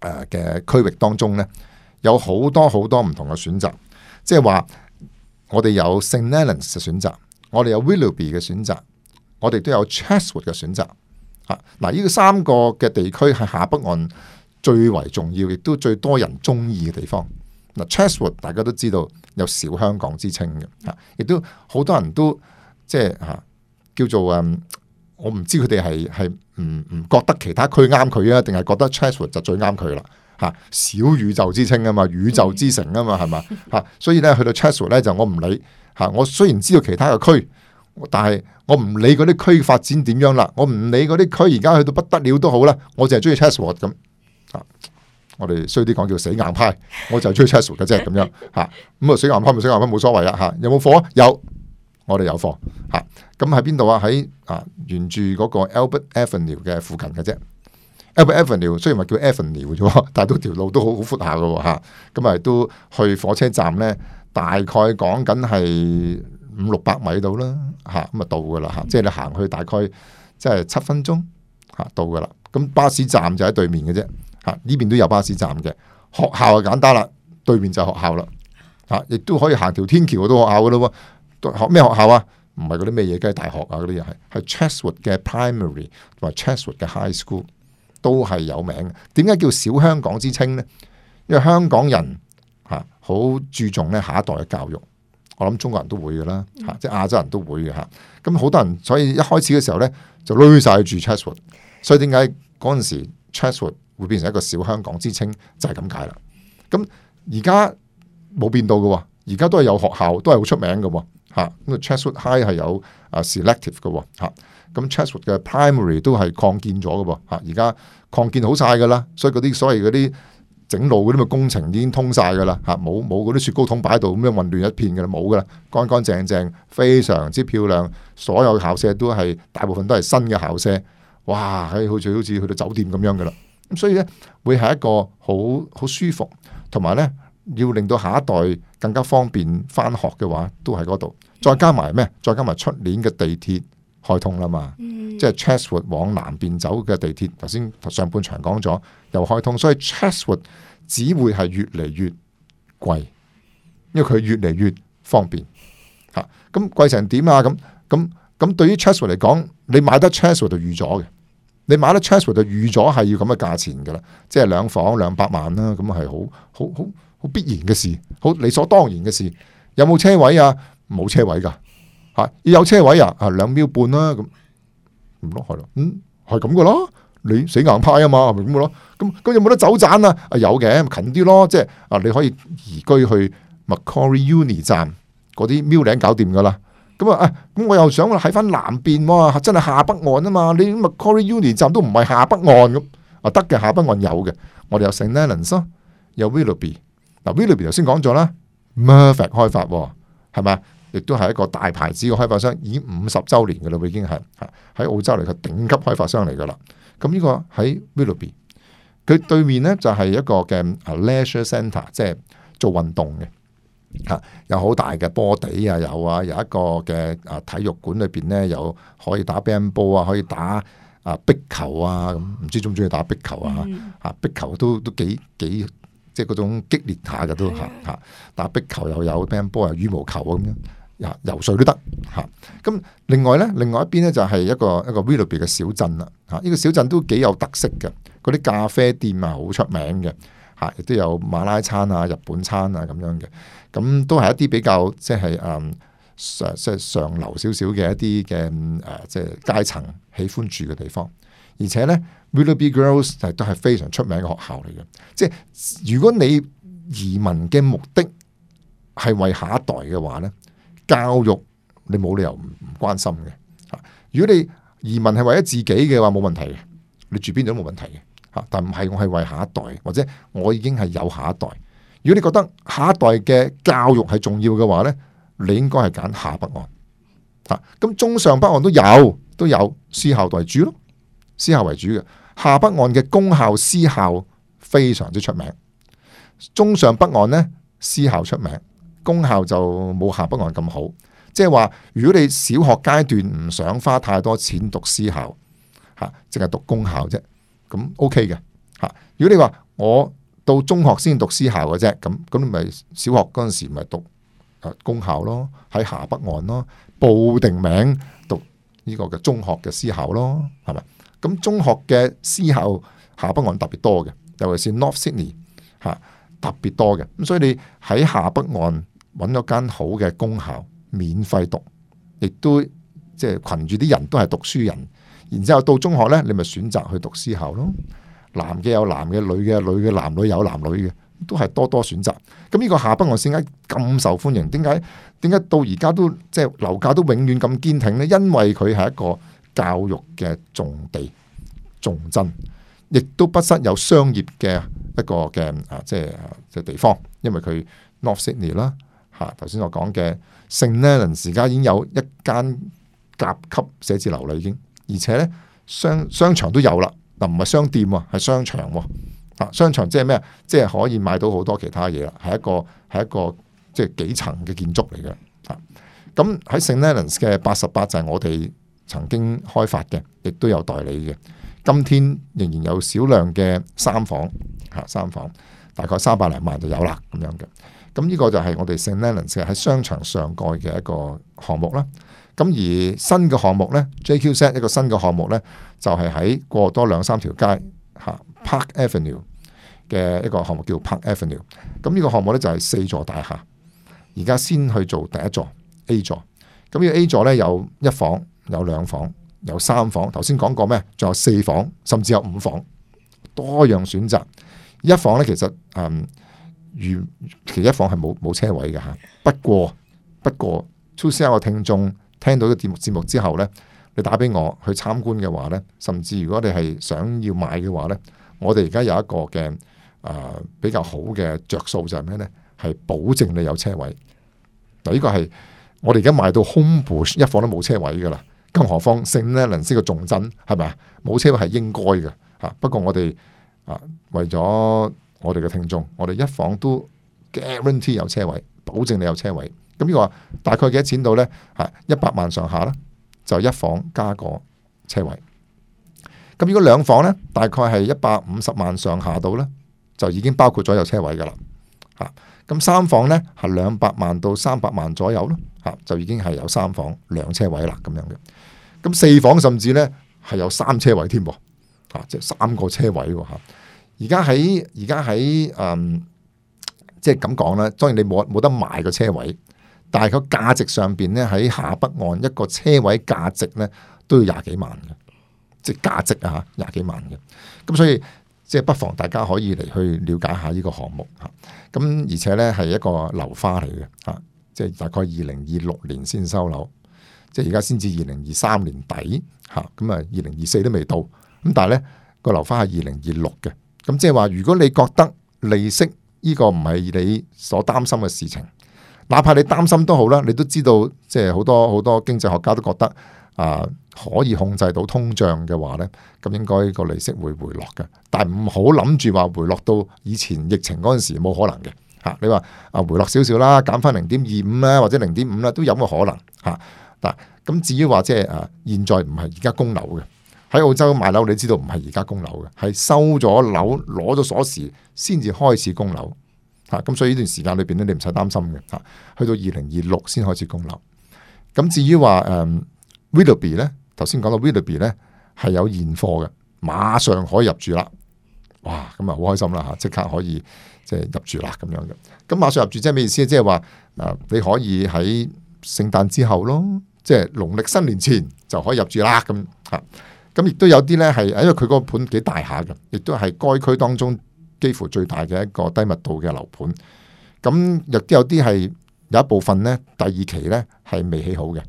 Speaker 2: 誒嘅區域當中呢，有好多好多唔同嘅選擇，即係話我哋有 St Leonards 嘅選擇，我哋有 Willoughby 嘅選擇，我哋都有 Chatswood 嘅選擇啊。嗱，呢三個嘅地區喺下北岸最為重要，亦都最多人中意嘅地方。嗱、啊、Chatswood 大家都知道有小香港之稱嘅，啊，亦都好多人都即係、啊、叫做誒。嗯我唔知佢哋係係唔唔覺得其他區啱佢啊，定係覺得 Chatswood 就最啱佢啦。吓，小宇宙之稱啊嘛，宇宙之城啊嘛，係嘛吓， 所以咧去到 Chatswood 咧就我唔理吓。我雖然知道其他嘅區，但係我唔理嗰啲區發展點樣啦，我唔理嗰啲區而家去到不得了都好啦，我淨係中意 Chatswood 咁。吓、啊，我哋衰啲講叫死硬派，我就中意 Chatswood 嘅啫咁樣吓。咁啊，死硬派唔死硬派冇所謂啊吓。有冇火？有。我哋有貨吓，咁喺邊度啊？喺啊，啊，沿住嗰個 Albert Avenue 嘅附近嘅啫。Mm -hmm. Albert Avenue 雖然話叫 Avenue 啫，但係都條路都好好闊下嘅吓。咁啊，都、啊、去火車站咧，大概講緊係五六百米度啦吓，咁啊到噶啦吓。即係你行去大概即係七分鐘吓、啊、到噶啦。咁巴士站就喺對面嘅啫吓，呢、啊、邊都有巴士站嘅。學校啊簡單啦，對面就學校啦吓，亦、啊、都可以行條天橋到學校噶咯。啊學咩學校啊？唔係嗰啲咩野雞大學啊？嗰啲係係 Chesswood 嘅 Primary 同埋 Chesswood 嘅 High School 都係有名嘅。點解叫小香港之稱呢？因為香港人吓好注重咧下一代嘅教育。我諗中國人都會嘅啦，吓即係亞洲人都會嘅吓。咁好多人所以一開始嘅時候呢，就擂晒住 Chesswood。所以點解嗰陣時 Chesswood 會變成一個小香港之稱就係咁解啦。咁而家冇變到嘅，而家都係有學校，都係好出名嘅。嚇、嗯、咁啊 Chatswood High 係有啊 selective 嘅喎，咁 Chatswood 嘅 primary 都係擴建咗嘅喎，而家擴建好晒嘅啦，所以嗰啲所謂嗰啲整路嗰啲咪工程已經通晒嘅啦嚇，冇冇嗰啲雪糕桶擺喺度咁樣混亂一片嘅啦，冇嘅啦，乾乾淨淨，非常之漂亮，所有校舍都係大部分都係新嘅校舍，哇，係、哎、好似好似去到酒店咁樣嘅啦，咁所以咧會係一個好好舒服，同埋咧。要令到下一代更加方便翻學嘅話，都喺嗰度。再加埋咩？再加埋出年嘅地鐵開通啦嘛。嗯、即係 Chatswood 往南邊走嘅地鐵，頭先上半場講咗又開通，所以 Chatswood 只會係越嚟越貴，因為佢越嚟越方便。吓，咁貴成點啊？咁咁咁，對於 Chatswood 嚟講，你買得 Chatswood 就預咗嘅，你買得 Chatswood 就預咗係要咁嘅價錢噶啦，即係兩房兩百萬啦，咁係好好好。好必然嘅事，好理所當然嘅事。有冇車位啊？冇車位噶嚇。要、啊、有車位啊？啊，兩秒半啦、啊、咁，唔咯係咯，嗯，係咁嘅咯。你死硬派啊嘛，係咪咁嘅咯？咁咁有冇得走盞啊？啊有嘅近啲咯，即係啊，你可以移居去 Macquarie Uni 站嗰啲廟頂搞掂噶啦。咁啊啊，咁、啊、我又想喺翻南邊哇、啊，真係下北岸啊嘛。你 Macquarie Uni 站都唔係下北岸咁啊，得嘅下北岸有嘅。我哋有 St Leonards 有 Willoughby。Willoughby 頭先講咗啦，Mirvac 開發係咪，亦都係一個大牌子嘅開發商，已經五十周年嘅啦，已經係喺澳洲嚟個頂級開發商嚟噶啦。咁呢個喺 Willoughby，佢對面咧就係、是、一個嘅 Leisure Centre，即係做運動嘅，吓、啊、有好大嘅波地啊，有啊，有一個嘅啊體育館裏邊咧有可以打乒乓波啊，可以打啊壁球啊，咁唔知鍾唔鍾意打壁球啊？吓、啊、壁球都都幾幾。即係嗰種激烈下嘅都嚇嚇，打壁球又有，乒乓球又羽毛球咁樣，遊游水都得嚇。咁、啊、另外呢，另外一邊呢就係一個一個 Willoughby 嘅小鎮啦。嚇、啊，呢、這個小鎮都幾有特色嘅，嗰啲咖啡店啊好出名嘅嚇，亦都有馬拉餐啊、日本餐啊咁樣嘅。咁、啊、都係一啲比較即係誒，即、就、係、是嗯上，就是、上流少少嘅一啲嘅誒，即、啊、係、就是、階層喜歡住嘅地方，而且呢。Willoughby Girls 係都係非常出名嘅學校嚟嘅，即係如果你移民嘅目的係為下一代嘅話咧，教育你冇理由唔唔關心嘅。如果你移民係為咗自己嘅話，冇問題嘅，你住邊度都冇問題嘅。吓，但唔係我係為下一代，或者我已經係有下一代。如果你覺得下一代嘅教育係重要嘅話咧，你應該係揀下北岸。吓，咁中上北岸都有，都有私校代主咯。私校為主嘅，下北岸嘅公校私校非常之出名，中上北岸呢，私校出名，公校就冇下北岸咁好。即係話，如果你小學階段唔想花太多錢讀私校，吓、啊，淨係讀公校啫，咁 OK 嘅吓、啊。如果你話我到中學先讀私校嘅啫，咁咁你咪小學嗰陣時咪讀、啊、公校咯，喺下北岸咯，報定名讀呢個嘅中學嘅私校咯，係咪？咁中學嘅私校下北岸特別多嘅，尤其是 North Sydney 嚇特別多嘅。咁所以你喺下北岸揾咗間好嘅公校免費讀，亦都即係、就是、群住啲人都係讀書人。然之後到中學呢，你咪選擇去讀私校咯。男嘅有男嘅，女嘅有女嘅，男女有男女嘅，都係多多選擇。咁呢個下北岸點解咁受歡迎？點解點解到而家都即係、就是、樓價都永遠咁堅挺呢？因為佢係一個教育嘅重地重鎮，亦都不失有商業嘅一個嘅啊，即係嘅、啊、地方。因為佢 North Sydney 啦，吓頭先我講嘅 St Leonards 而家已經有一間甲級寫字樓啦，已經而且咧商商場都有啦。嗱唔係商店啊，係商場，啊商場即係咩？即係可以買到好多其他嘢啦。係一個係一個即係幾層嘅建築嚟嘅。啊，咁喺 St Leonards 嘅八十八就係我哋。曾經開發嘅，亦都有代理嘅。今天仍然有少量嘅三房嚇，三房大概三百零萬就有啦，咁樣嘅。咁、嗯、呢、這個就係我哋 St Leonards 喺商場上蓋嘅一個項目啦。咁、嗯、而新嘅項目呢 JQZ 一個新嘅項目呢，就係、是、喺過多兩三條街嚇、嗯、Park Avenue 嘅一個項目，叫 Park Avenue、嗯。咁、這、呢個項目呢，就係、是、四座大廈，而家先去做第一座 A 座。咁、嗯、要、這個、A 座呢，有一房。有兩房，有三房，頭先講過咩？仲有四房，甚至有五房，多樣選擇。一房咧，其實嗯，其一房係冇冇車位嘅吓。不過不過，2CR 嘅聽眾聽到個節目節目之後咧，你打俾我去參觀嘅話咧，甚至如果你係想要買嘅話咧，我哋而家有一個嘅誒、呃、比較好嘅着數就係咩咧？係保證你有車位。嗱、這個，呢個係我哋而家賣到空鋪一房都冇車位噶啦。更何況聖呢倫斯嘅重鎮係咪啊？冇車位係應該嘅吓。不過我哋啊，為咗我哋嘅聽眾，我哋一房都 guarantee 有車位，保證你有車位。咁呢個大概幾多錢到咧？係一百萬上下啦，就一房加個車位。咁如果兩房呢，大概係一百五十萬上下到呢，就已經包括咗有車位噶啦，吓、啊。咁三房呢係兩百萬到三百萬左右咯，吓，就已經係有三房兩車位啦咁樣嘅。咁四房甚至呢係有三車位添，啊即係、就是、三個車位吓。而家喺而家喺嗯，即係咁講啦。當然你冇冇得賣個車位，但係個價值上邊呢，喺下北岸一個車位價值呢都要廿幾萬嘅，即係價值啊吓廿幾萬嘅。咁所以。即係不妨大家可以嚟去了解下呢個項目嚇，咁、啊、而且呢係一個樓花嚟嘅嚇，即係大概二零二六年先收樓，即係而家先至二零二三年底嚇，咁啊二零二四都未到，咁、啊、但係呢、呢個樓花係二零二六嘅，咁、啊、即係話如果你覺得利息呢個唔係你所擔心嘅事情，哪怕你擔心都好啦，你都知道即係好多好多經濟學家都覺得。啊，可以控制到通脹嘅話呢，咁應該個利息會回落嘅，但係唔好諗住話回落到以前疫情嗰陣時冇可能嘅嚇、啊。你話啊回落少少啦，減翻零點二五啦，或者零點五啦，都有個可能嚇嗱。咁、啊、至於話即係啊，現在唔係而家供樓嘅，喺澳洲買樓，你知道唔係而家供樓嘅，係收咗樓攞咗鎖匙先至開始供樓嚇。咁所以呢段時間裏邊咧，你唔使擔心嘅嚇。去到二零二六先開始供樓。咁、啊啊、至於話誒。嗯 Willoughby 咧，頭先講到 Willoughby 咧，係有現貨嘅，馬上可以入住啦。哇，咁啊好開心啦吓，即刻可以即係入住啦咁樣嘅。咁馬上入住即係咩意思？即係話嗱，你可以喺聖誕之後咯，即係農曆新年前就可以入住啦。咁吓，咁亦都有啲咧係因為佢嗰個盤幾大下嘅，亦都係該區當中幾乎最大嘅一個低密度嘅樓盤。咁亦都有啲係有一部分咧，第二期咧係未起好嘅。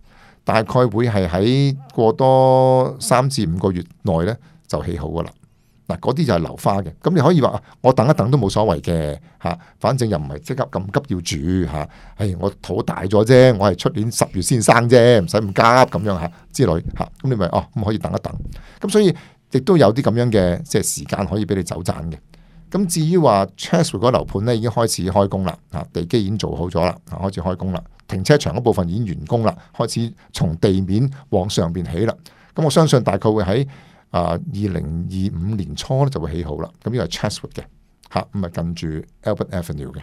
Speaker 2: 大概會係喺過多三至五個月內呢就起好噶啦，嗱，嗰啲就係樓花嘅，咁你可以話我等一等都冇所謂嘅吓，反正又唔係即刻咁急要住吓，唉、哎、我肚大咗啫，我係出年十月先生啫，唔使唔急咁樣吓之類吓，咁你咪哦咁可以等一等，咁所以亦都有啲咁樣嘅即係時間可以俾你走盞嘅，咁至於話 Cheshire 嗰個樓盤咧已經開始開工啦，啊，地基已經做好咗啦，開始開工啦。停車場嗰部分已經完工啦，開始從地面往上邊起啦。咁我相信大概會喺啊二零二五年初咧就會起好啦。咁呢個係 Chatswood 嘅，吓咁啊是近住 Albert Avenue 嘅。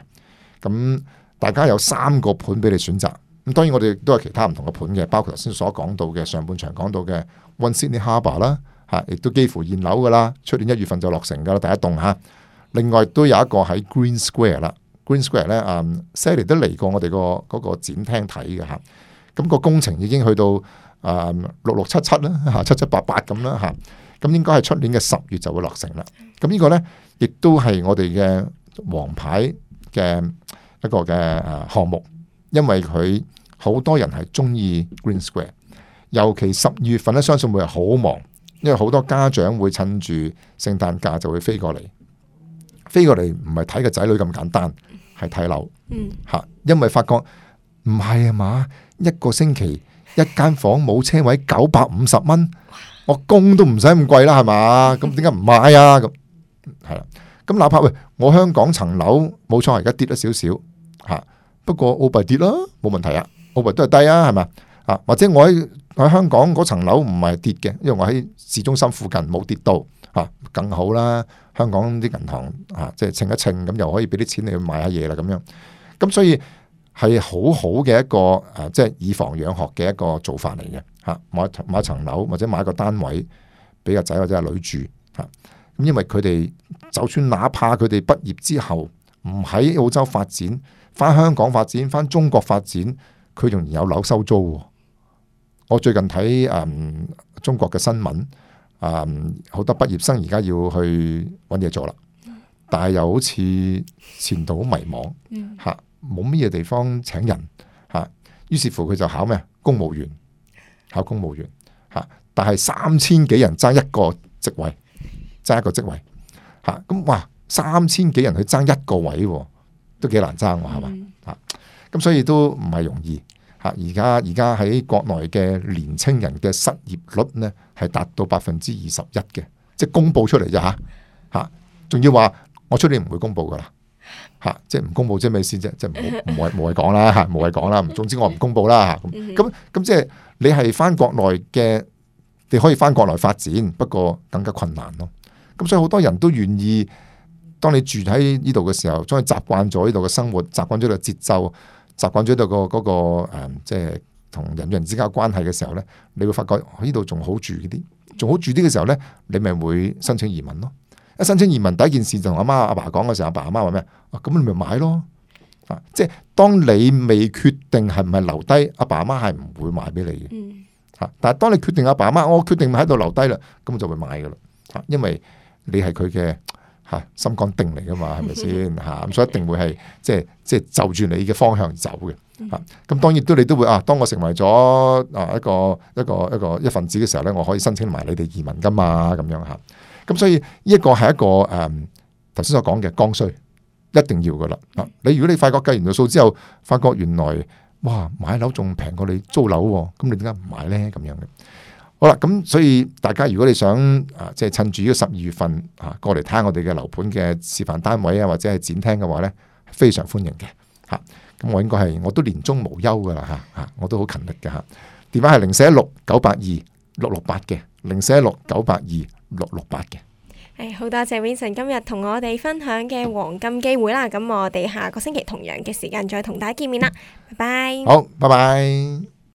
Speaker 2: 咁大家有三個盤俾你選擇。咁當然我哋都有其他唔同嘅盤嘅，包括頭先所講到嘅上半場講到嘅 One Sydney Harbour 啦、啊，吓、啊、亦都幾乎現樓噶啦，出年一月份就落成噶啦第一棟吓、啊。另外都有一個喺 Green Square 啦。Green Square 咧，啊、嗯、，Sally 都嚟過我哋個個個展廳睇嘅，咁個工程已經去到啊、嗯、六六七七啦，啊，七七八八咁啦嚇，咁、啊、應該係出年嘅十月就會落成啦。咁呢個咧，亦都係我哋嘅王牌嘅一個嘅項目，因為佢好多人係中意 Green Square，尤其十二月份咧，相信會係好忙，因為好多家長會趁住聖誕假就會飛過嚟。飛過嚟唔係睇個仔女咁簡單，係睇樓吓，因為發覺唔係啊嘛，一個星期一間房冇車位九百五十蚊，我供都唔使咁貴啦，係嘛？咁點解唔買啊？咁係啦，咁哪怕喂，我香港層樓冇錯，而家跌咗少少吓，不過澳幣跌囉，冇問題啊，澳幣都係低啊，係嘛？吓或者我喺喺香港嗰層樓唔係跌嘅，因為我喺市中心附近冇跌到吓，更好啦。香港啲銀行啊，即係稱一稱咁，又可以俾啲錢你去買下嘢啦咁樣。咁所以係好好嘅一個誒，即係以房養學嘅一個做法嚟嘅嚇。買買一層樓或者買個單位俾個仔或者女住嚇。咁因為佢哋就算哪怕佢哋畢業之後唔喺澳洲發展，翻香港發展，翻中國發展，佢仲有樓收租。我最近睇誒、嗯、中國嘅新聞。啊，好多畢業生而家要去揾嘢做啦，但係又好似前途好迷茫，吓冇咩嘢地方請人，吓，於是乎佢就考咩公務員，考公務員，吓，但係三千幾人爭一個職位，爭一個職位，吓，咁哇，三千幾人去爭一個位，都幾難爭，係嘛，吓，咁所以都唔係容易。而家而家喺國內嘅年青人嘅失業率咧，係達到百分之二十一嘅，即係公布出嚟啫吓吓，仲、啊、要話我出年唔會公布噶啦吓，即係唔公布即係咩意思啫？即係唔唔係唔係講啦吓，唔係講啦。總之我唔公布啦吓，咁咁咁即係你係翻國內嘅，你可以翻國內發展，不過更加困難咯。咁所以好多人都願意，當你住喺呢度嘅時候，將佢習慣咗呢度嘅生活，習慣咗呢個節奏。習慣咗喺度個嗰、那個誒、嗯，即係同人與人之間關係嘅時候咧，你會發覺呢度仲好住啲，仲好住啲嘅時候咧，你咪會申請移民咯。一申請移民第一件事就同阿媽阿爸講嘅時候，阿爸阿媽話咩啊？咁你咪買咯。啊，即係當你未決定係唔係留低，阿爸阿媽係唔會買俾你嘅。吓、啊，但係當你決定阿爸阿媽，我決定喺度留低啦，咁就會買噶啦。啊，因為你係佢嘅。吓，心肝定嚟噶嘛，係咪先吓？咁所以一定會係即係即係就住你嘅方向走嘅。吓咁，當然都你都會啊。當我成為咗啊一個一個一個一份子嘅時候咧，我可以申請埋你哋移民噶嘛，咁樣吓。咁所以呢一個係一個誒，頭先所講嘅剛需，一定要噶啦。你如果你發覺計完個數之後，發覺原來哇買樓仲平過你租樓，咁你點解唔買咧？咁樣嘅。好啦，咁所以大家如果你想啊，即、就、係、是、趁住呢個十二月份啊，過嚟睇下我哋嘅樓盤嘅示範單位啊，或者係展廳嘅話呢，非常歡迎嘅。吓、啊，咁我應該係我都年終無憂噶啦，吓吓，我都好、啊、勤力嘅吓。電話係零四一六九八二六六八嘅，零四一六九八二六六八嘅。
Speaker 1: 係，好多謝 Vincent 今日同我哋分享嘅黃金機會啦。咁我哋下個星期同樣嘅時間再同大家見面啦、嗯。拜拜。好，拜拜。